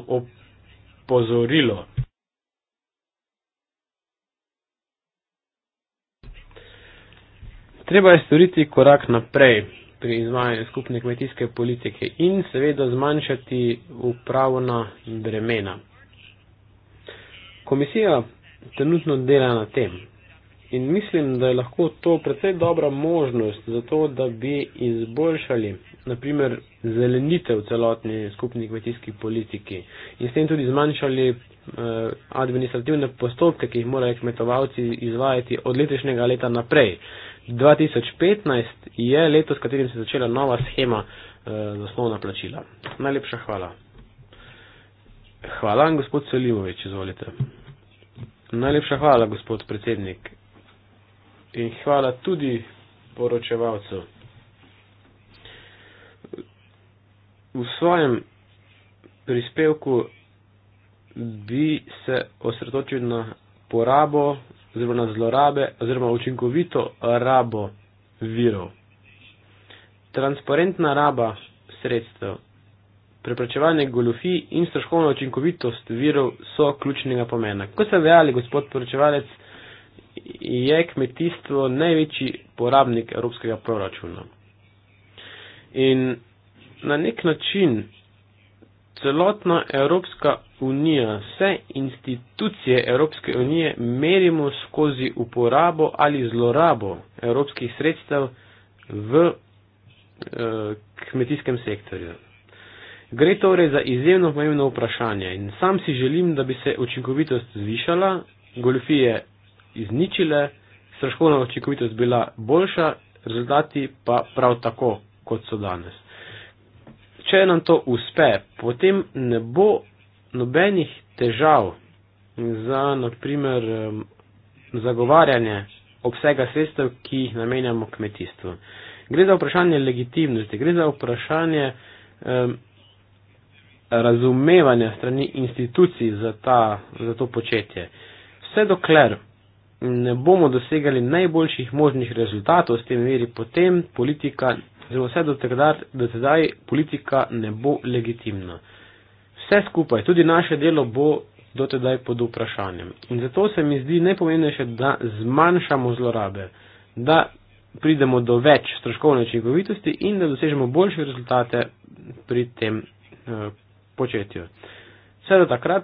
opozorilo. Treba je storiti korak naprej pri izvajanju skupne kmetijske politike in seveda zmanjšati upravna bremena. Komisija trenutno dela na tem. In mislim, da je lahko to precej dobra možnost za to, da bi izboljšali, naprimer, zelenitev celotne skupne kmetijske politike in s tem tudi zmanjšali eh, administrativne postopke, ki jih morajo kmetovalci izvajati od letošnjega leta naprej. 2015 je leto, s katerim se je začela nova schema eh, za osnovna plačila. Najlepša hvala. Hvala, gospod Selimovič, izvolite. Najlepša hvala, gospod predsednik in hvala tudi poročevalcu. V svojem prispevku bi se osredotočil na porabo oziroma na zlorabe oziroma učinkovito rabo virov. Transparentna raba sredstev, preprečevanje goljufij in stroškovna učinkovitost virov so ključnega pomena. Kot ste dejali, gospod poročevalec, je kmetijstvo največji porabnik evropskega proračuna. In na nek način celotna Evropska unija, vse institucije Evropske unije merimo skozi uporabo ali zlorabo evropskih sredstev v eh, kmetijskem sektorju. Gre torej za izjemno pomembno vprašanje in sam si želim, da bi se učinkovitost zvišala, goljofije izničile, strahovna očekovitost bila boljša, rezultati pa prav tako, kot so danes. Če nam to uspe, potem ne bo nobenih težav za, naprimer, zagovarjanje obsega sredstev, ki jih namenjamo kmetijstvu. Gre za vprašanje legitimnosti, gre za vprašanje um, razumevanja strani institucij za, ta, za to početje. Vse dokler ne bomo dosegali najboljših možnih rezultatov s tem veri, potem politika, zelo vse do tedaj, politika ne bo legitimna. Vse skupaj, tudi naše delo bo do tedaj pod vprašanjem. In zato se mi zdi najpomembnejše, da zmanjšamo zlorabe, da pridemo do več stroškovne učinkovitosti in da dosežemo boljše rezultate pri tem eh, početju. Vse do takrat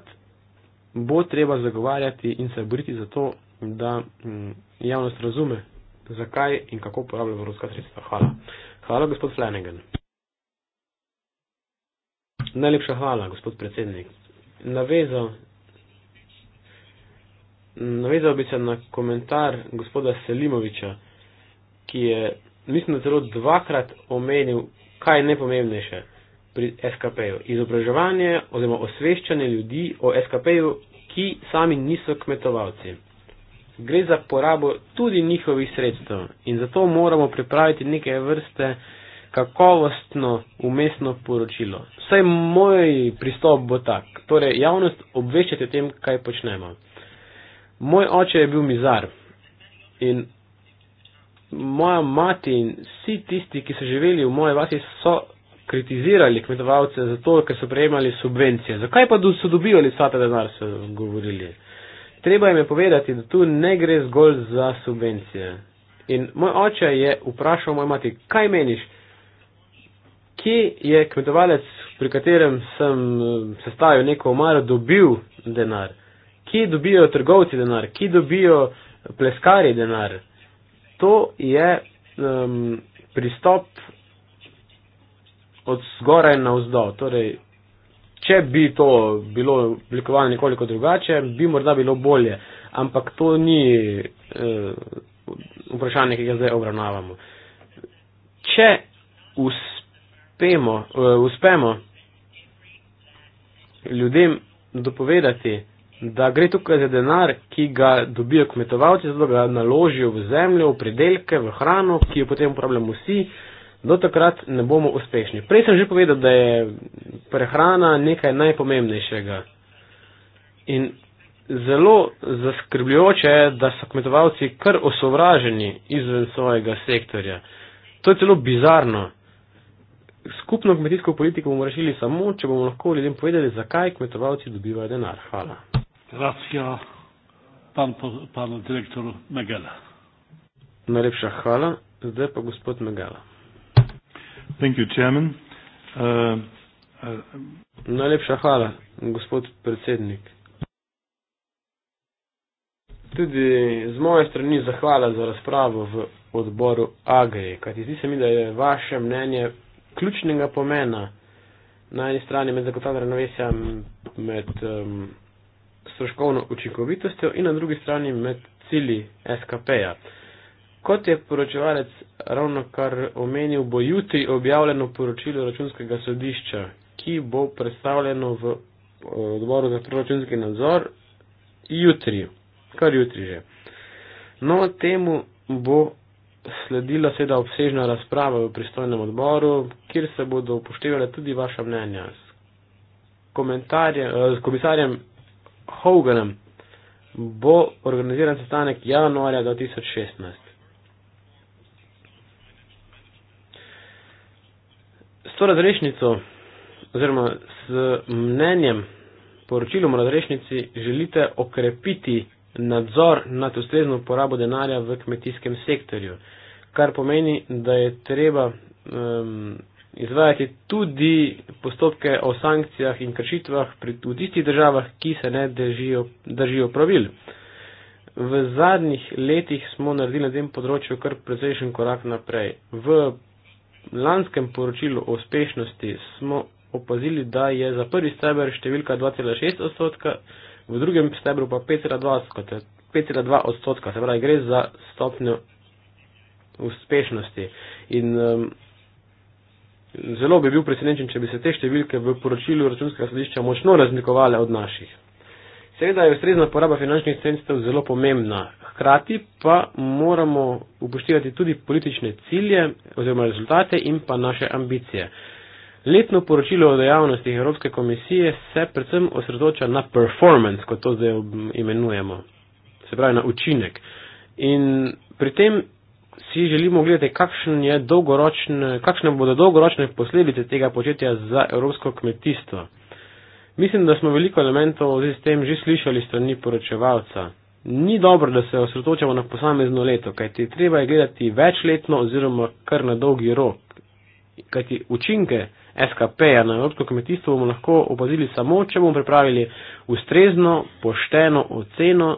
bo treba zagovarjati in se boriti za to, da mm, javnost razume, zakaj in kako uporabljamo evropska sredstva. Hvala. Hvala, gospod Flanagan. Najlepša hvala, gospod predsednik. Navezal, navezal bi se na komentar gospoda Selimoviča, ki je, mislim, da celo dvakrat omenil, kaj je najpomembnejše pri SKP-ju. Izobraževanje oziroma osveščanje ljudi o SKP-ju, ki sami niso kmetovalci gre za porabo tudi njihovih sredstev in zato moramo pripraviti neke vrste kakovostno umestno poročilo. Vsaj moj pristop bo tak, torej javnost obveščate o tem, kaj počnemo. Moj oče je bil mizar in moja mati in vsi tisti, ki so živeli v moje vasi, so kritizirali kmetovalce za to, ker so prejemali subvencije. Zakaj pa so dobivali svata denar, so govorili. Treba jim je povedati, da tu ne gre zgolj za subvencije. In moj oče je vprašal moj mati, kaj meniš, kje je kmetovalec, pri katerem sem eh, sestavil neko omaro, dobil denar, kje dobijo trgovci denar, kje dobijo eh, pleskari denar. To je um, pristop od zgoraj na vzdolj. Torej, Če bi to bilo oblikovano nekoliko drugače, bi morda bilo bolje, ampak to ni eh, vprašanje, ki ga zdaj obravnavamo. Če uspemo, eh, uspemo ljudem dopovedati, da gre tukaj za denar, ki ga dobijo kmetovalci, zato ga naložijo v zemljo, v predelke, v hrano, ki jo potem uporabljamo vsi, eh, do takrat ne bomo uspešni. Prej sem že povedal, da je prehrana nekaj najpomembnejšega. In zelo zaskrbljujoče je, da so kmetovalci kar osovraženi izven svojega sektorja. To je celo bizarno. Skupno kmetijsko politiko bomo rešili samo, če bomo lahko ljudem povedali, zakaj kmetovalci dobivajo denar. Hvala. Gracija, pan, pan direktor Megala. Najlepša hvala. Zdaj pa gospod Megala. Thank you, Chairman. Uh, uh, Najlepša hvala, gospod predsednik. Tudi z moje strani zahvala za razpravo v odboru AGE, kajti zdi se mi, da je vaše mnenje ključnega pomena na eni strani med zagotavljanjem ravnovesja med um, stroškovno učinkovitostjo in na drugi strani med cilji SKP-ja. Uh, Kot je poročevalec ravno kar omenil, bo jutri objavljeno poročilo računskega sodišča, ki bo predstavljeno v eh, odboru za proračunski nadzor jutri, kar jutri že. No, temu bo sledila seveda obsežna razprava v pristojnem odboru, kjer se bodo upoštevali tudi vaša mnenja s, eh, s komisarjem Hoganem. Bo organiziran sestanek januarja 2016. s to razrešnico oziroma s mnenjem, poročilom o razrešnici želite okrepiti nadzor nad ustrezno uporabo denarja v kmetijskem sektorju, kar pomeni, da je treba um, izvajati tudi postopke o sankcijah in kršitvah v tistih državah, ki se ne držijo, držijo pravil. V zadnjih letih smo naredili na tem področju kar precejšen korak naprej. V lanskem poročilu o uspešnosti smo opazili, da je za prvi steber številka 2,6 odstotka, v drugem stebru pa 5,2 odstotka, se pravi, gre za stopnjo uspešnosti. In um, zelo bi bil presenečen, če bi se te številke v poročilu računskega sodišča močno razlikovale od naših. Seveda je ustrezna poraba finančnih sredstev zelo pomembna, hkrati pa moramo upoštevati tudi politične cilje oziroma rezultate in pa naše ambicije. Letno poročilo o dejavnostih Evropske komisije se predvsem osredotoča na performance, kot to zdaj imenujemo, se pravi na učinek. In pri tem si želimo gledati, kakšne bodo dolgoročne posledice tega početja za evropsko kmetijstvo. Mislim, da smo veliko elementov v zvezi s tem že slišali strani poročevalca. Ni dobro, da se osredotočamo na posamezno leto, kajti treba je gledati večletno oziroma kar na dolgi rok. Kajti učinke SKP-ja na evropsko kmetijstvo bomo lahko opazili samo, če bomo pripravili ustrezno, pošteno oceno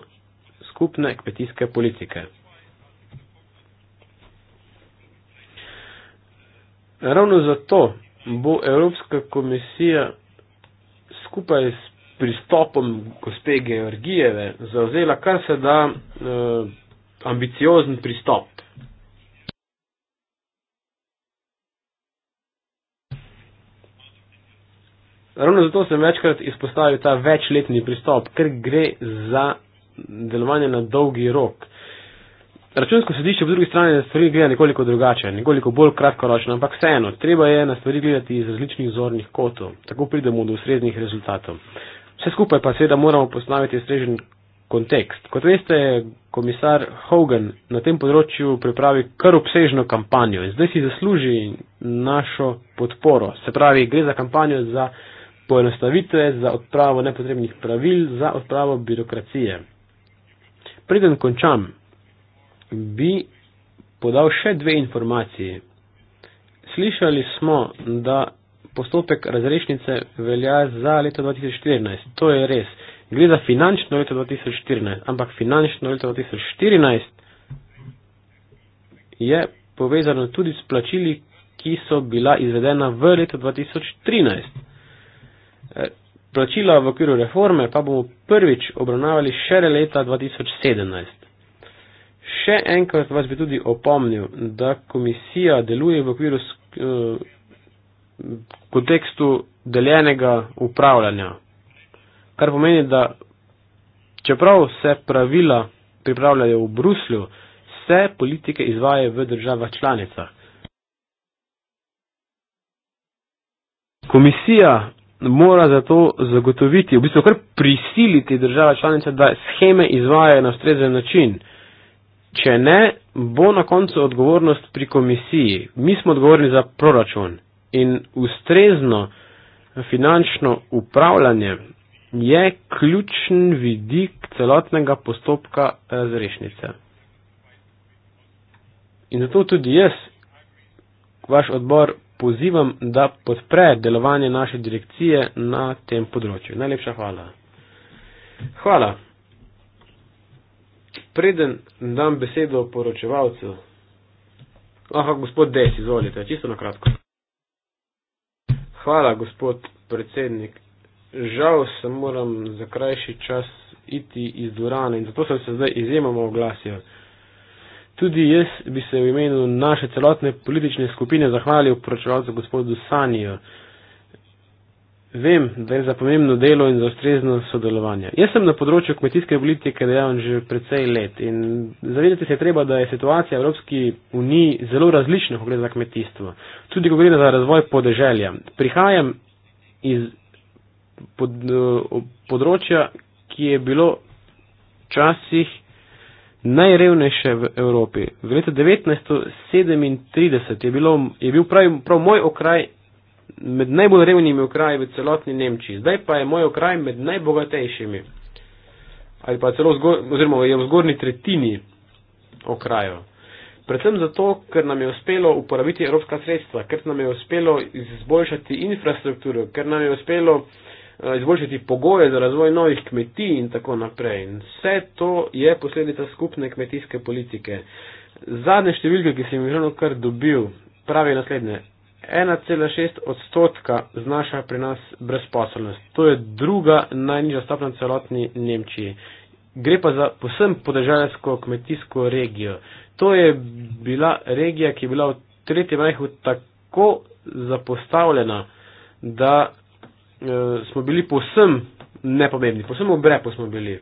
skupne kmetijske politike. Ravno zato bo Evropska komisija skupaj s pristopom gospe Georgijeve zauzela kar se da eh, ambiciozen pristop. Ravno zato sem večkrat izpostavil ta večletni pristop, ker gre za delovanje na dolgi rok. Računsko sodišče po drugi strani stvari gleda nekoliko drugače, nekoliko bolj kratkoročno, ampak vseeno, treba je na stvari gledati iz različnih zornih kotov, tako pridemo do ustreznih rezultatov. Vse skupaj pa seveda moramo postaviti ustrežen kontekst. Kot veste, je komisar Hogan na tem področju pripravi kar obsežno kampanjo in zdaj si zasluži našo podporo. Se pravi, gre za kampanjo za poenostavitve, za odpravo nepotrebnih pravil, za odpravo birokracije. Preden končam, bi podal še dve informacije. Slišali smo, da postopek razrešnice velja za leto 2014. To je res. Gre za finančno leto 2014, ampak finančno leto 2014 je povezano tudi s plačili, ki so bila izvedena v letu 2013. E, plačila v okviru reforme pa bomo prvič obravnavali šele leta 2017. Še enkrat vas bi tudi opomnil, da komisija deluje v okviru eh, kontekstu deljenega upravljanja, kar pomeni, da čeprav se pravila pripravljajo v Bruslju, se politike izvaje v državah članicah. Komisija mora zato zagotoviti, v bistvu kar prisiliti države članice, da scheme izvajajo na ustrezen način. Če ne, bo na koncu odgovornost pri komisiji. Mi smo odgovorni za proračun in ustrezno finančno upravljanje je ključen vidik celotnega postopka razrešnice. In zato tudi jaz, vaš odbor, pozivam, da podpre delovanje naše direkcije na tem področju. Najlepša hvala. Hvala preden dam besedo poročevalcu, lahko gospod Des, izvolite, čisto na kratko. Hvala, gospod predsednik. Žal se moram za krajši čas iti iz dvorane in zato sem se zdaj izjemoma oglasil. Tudi jaz bi se v imenu naše celotne politične skupine zahvalil poročevalcu gospodu Sanijo. Vem, da je za pomembno delo in za ustrezno sodelovanje. Jaz sem na področju kmetijske politike dejavn že precej let in zavedati se je treba, da je situacija v Evropski uniji zelo različna, ko gre za kmetijstvo. Tudi ko gre za razvoj podeželja. Prihajam iz pod, eh, področja, ki je bilo včasih najrevnejše v Evropi. V letu 1937 je, bilo, je bil prav, prav moj okraj med najbolj revnimi okraji v celotni Nemčiji. Zdaj pa je moj okraj med najbogatejšimi. Ali pa celo zgor, oziroma je v zgornji tretjini okrajo. Predvsem zato, ker nam je uspelo uporabiti evropska sredstva, ker nam je uspelo izboljšati infrastrukturo, ker nam je uspelo eh, izboljšati pogoje za razvoj novih kmetij in tako naprej. In vse to je posledica skupne kmetijske politike. Zadnje številke, ki sem jih ravno kar dobil, pravi naslednje. 1,6 odstotka znaša pri nas brezposobnost. To je druga najnižja stopna celotni Nemčiji. Gre pa za posem podeželjsko kmetijsko regijo. To je bila regija, ki je bila v tretjem rajhu tako zapostavljena, da e, smo bili posem nepomembni, posem obrepo smo bili.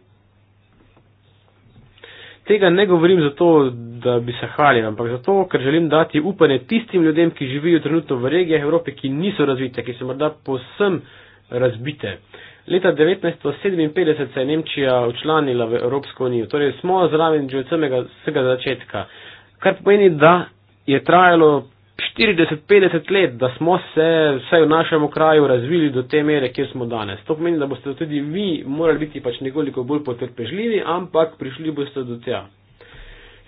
Tega ne govorim zato, da bi se hvalil, ampak zato, ker želim dati upanje tistim ljudem, ki živijo trenutno v regijah Evrope, ki niso razvite, ki so morda posem razbite. Leta 1957 se je Nemčija učlanila v Evropsko unijo, torej smo zraven že od samega začetka, kar pomeni, da je trajalo 40-50 let, da smo se vsaj v našem kraju razvili do te mere, kjer smo danes. To pomeni, da boste tudi vi morali biti pač nekoliko bolj potrpežljivi, ampak prišli boste do tja.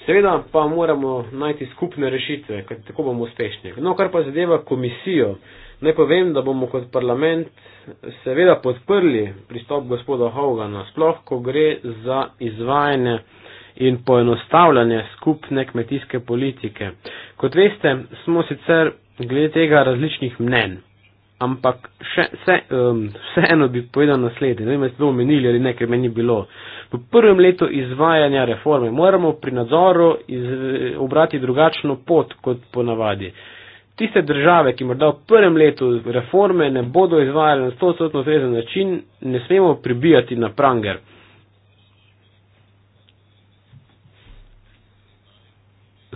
Seveda pa moramo najti skupne rešitve, ker tako bomo uspešni. No, kar pa zadeva komisijo, naj povem, da bomo kot parlament seveda podprli pristop gospoda Hogana, sploh ko gre za izvajanje in poenostavljanje skupne kmetijske politike. Kot veste, smo sicer glede tega različnih mnen, ampak še, se, um, vseeno bi povedal naslednje, ne vem, ste to omenili ali ne, ker meni bilo. V prvem letu izvajanja reforme moramo pri nadzoru iz, obrati drugačno pot kot ponavadi. Tiste države, ki morda v prvem letu reforme ne bodo izvajale na 100% zrezen način, ne smemo pribijati na pranger.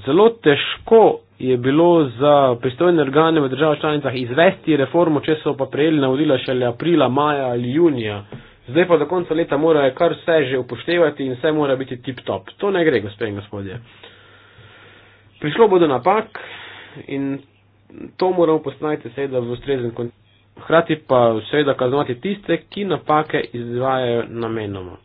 zelo težko je bilo za pristojne organe v državah članicah izvesti reformo, če so pa prejeli navodila šele aprila, maja ali junija. Zdaj pa do konca leta morajo kar vse že upoštevati in vse mora biti tip top. To ne gre, gospe in gospodje. Prišlo bo do napak in to moramo postaviti seveda v ustrezen kontekst. Hrati pa seveda kaznovati tiste, ki napake izvajajo namenoma.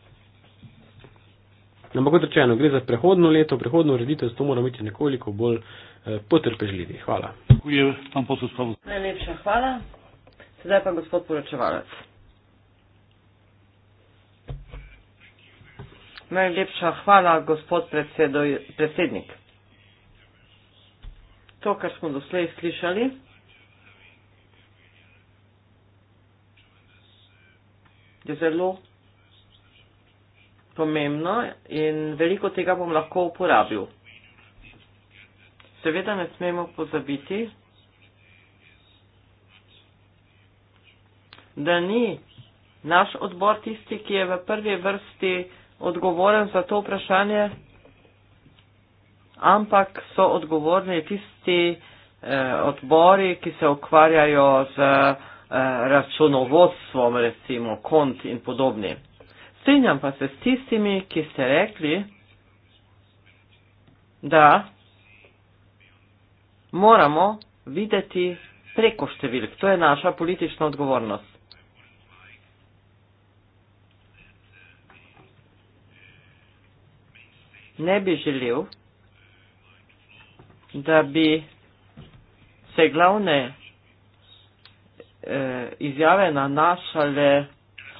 No, ampak kot rečeno, gre za prehodno leto, prehodno ureditev, zato moramo biti nekoliko bolj eh, potrpežljivi. Hvala. Najlepša hvala. Sedaj pa gospod poročevalec. Najlepša hvala, gospod predsedoj, predsednik. To, kar smo doslej slišali, je zelo pomembno in veliko tega bom lahko uporabil. Seveda ne smemo pozabiti, da ni naš odbor tisti, ki je v prvi vrsti odgovoren za to vprašanje, ampak so odgovorni tisti eh, odbori, ki se ukvarjajo z eh, računovodstvom, recimo kont in podobnimi strinjam pa se s tistimi, ki ste rekli, da moramo videti preko številk. To je naša politična odgovornost. Ne bi želel, da bi se glavne eh, izjave nanašale na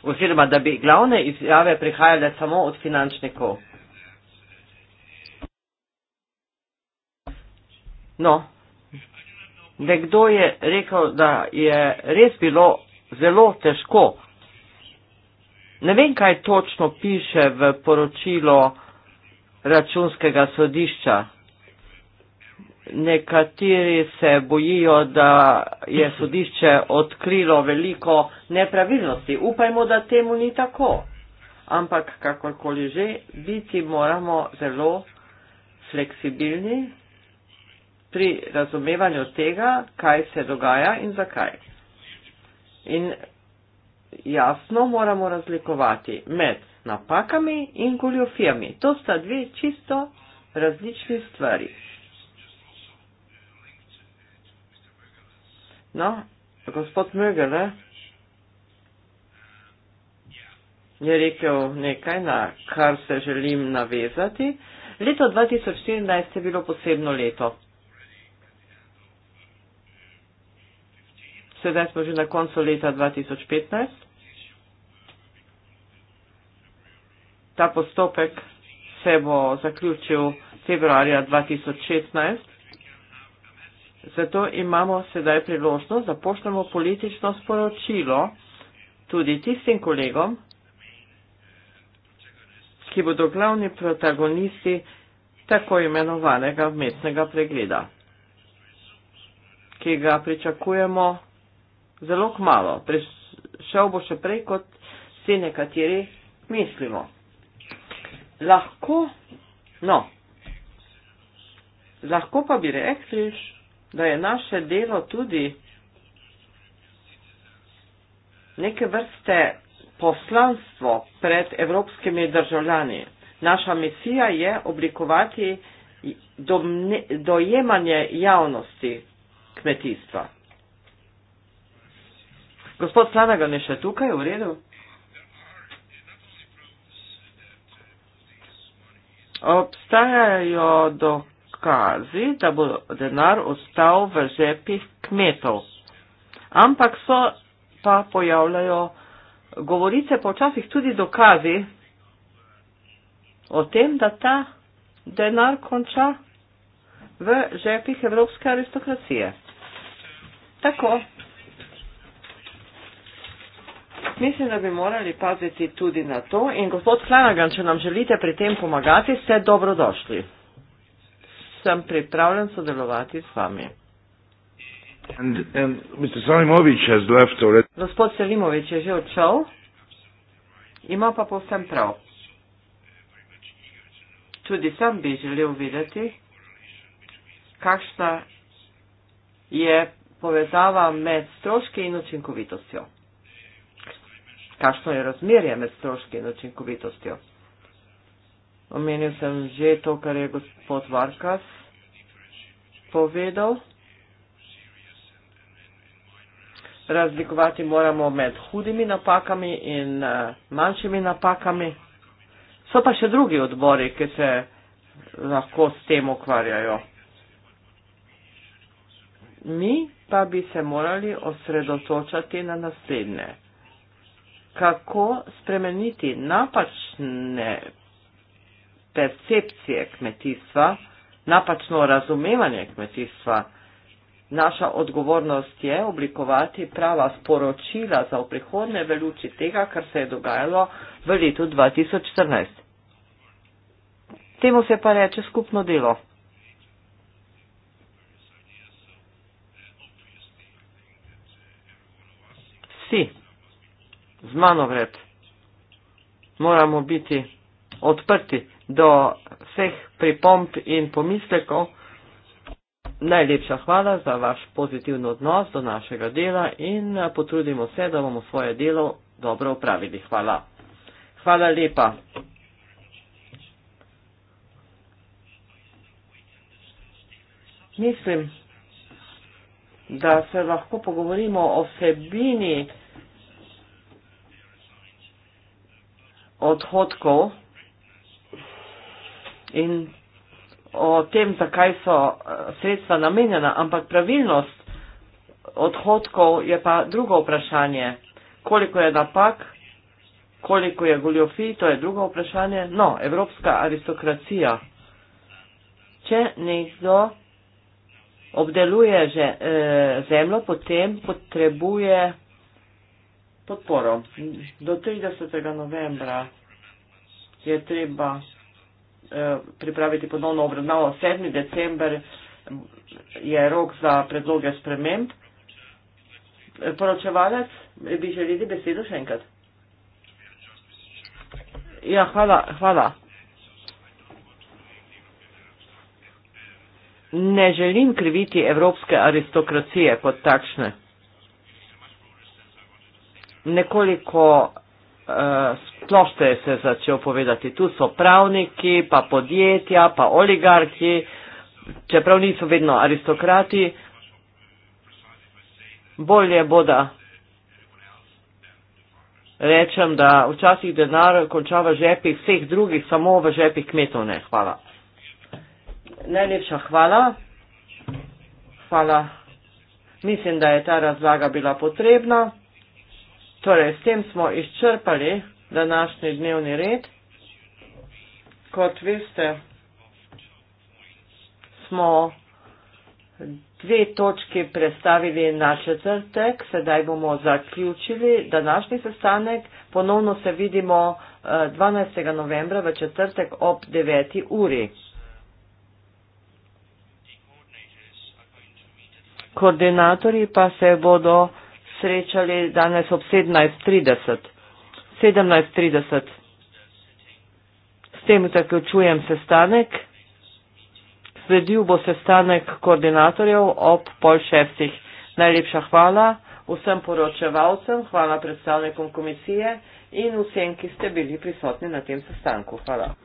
oziroma da bi glavne izjave prihajale samo od finančnikov. No, nekdo je rekel, da je res bilo zelo težko. Ne vem, kaj točno piše v poročilo računskega sodišča nekateri se bojijo, da je sodišče odkrilo veliko nepravilnosti. Upajmo, da temu ni tako. Ampak kakorkoli že, biti moramo zelo fleksibilni pri razumevanju tega, kaj se dogaja in zakaj. In jasno moramo razlikovati med napakami in goljofijami. To sta dve čisto različni stvari. No, gospod Mögel, ne? Eh? je rekel nekaj, na kar se želim navezati. Leto 2014 je bilo posebno leto. Sedaj smo že na koncu leta 2015. Ta postopek se bo zaključil februarja 2016 zato imamo sedaj priložnost, da pošljemo politično sporočilo tudi tistim kolegom, ki bodo glavni protagonisti tako imenovanega mestnega pregleda, ki ga pričakujemo zelo kmalo. Prišel bo še prej, kot si nekateri mislimo. Lahko, no, lahko pa bi rekli, da je naše delo tudi neke vrste poslanstvo pred evropskimi državljani. Naša misija je oblikovati dojemanje javnosti kmetijstva. Gospod Slanagan je še tukaj, v redu? Obstajajo dokončenje dokazi, da bo denar ostal v žepih kmetov. Ampak so pa pojavljajo govorice, pa včasih tudi dokazi o tem, da ta denar konča v žepih evropske aristokracije. Tako. Mislim, da bi morali paziti tudi na to in gospod Flanagan, če nam želite pri tem pomagati, ste dobrodošli sem pripravljen sodelovati z vami. And, and Gospod Selimovič je že odšel, ima pa povsem prav. Tudi sam bi želel videti, kakšna je povezava med stroški in učinkovitostjo. Kakšno je razmerje med stroški in učinkovitostjo omenil sem že to, kar je gospod Varkas povedal. Razlikovati moramo med hudimi napakami in eh, manjšimi napakami. So pa še drugi odbori, ki se lahko s tem ukvarjajo. Mi pa bi se morali osredotočati na naslednje. Kako spremeniti napačne percepcije kmetijstva, napačno razumevanje kmetijstva. Naša odgovornost je oblikovati prava sporočila za prihodne v luči tega, kar se je dogajalo v letu 2014. Temu se pa reče skupno delo. Vsi z mano vred moramo biti odprti do vseh pripomp in pomislekov. Najlepša hvala za vaš pozitiven odnos do našega dela in eh, potrudimo se, da bomo svoje delo dobro upravili. Hvala. Hvala lepa. Mislim, da se lahko pogovorimo o vsebini odhodkov in o tem, zakaj so eh, sredstva namenjena, ampak pravilnost odhodkov je pa drugo vprašanje. Koliko je napak, koliko je goljofij, to je drugo vprašanje. No, evropska aristokracija. Če nekdo obdeluje že, e, zemljo, potem potrebuje podporo. Do 30. novembra je treba. Eh, pripraviti ponovno obravnavo. 7. december je rok za predloge sprememb. Eh, poročevalec, eh, bi želeli besedo še enkrat? Ja, hvala, hvala. Ne želim kriviti evropske aristokracije kot takšne. Nekoliko uh, sploh se je začel povedati. Tu so pravniki, pa podjetja, pa oligarhi, čeprav niso vedno aristokrati, bolje bo da rečem, da včasih denar konča v žepih vseh drugih, samo v žepih kmetov ne. Hvala. Najlepša hvala. Hvala. Mislim, da je ta razlaga bila potrebna. Torej, s tem smo izčrpali današnji dnevni red. Kot veste, smo dve točki predstavili na četrtek, sedaj bomo zaključili današnji sestanek. Ponovno se vidimo 12. Eh, novembra v četrtek ob 9. uri. Koordinatorji pa se bodo srečali danes ob 17.30. 17.30. S tem zaključujem sestanek. Sledil bo sestanek koordinatorjev ob pol šestih. Najlepša hvala vsem poročevalcem, hvala predstavnikom komisije in vsem, ki ste bili prisotni na tem sestanku. Hvala.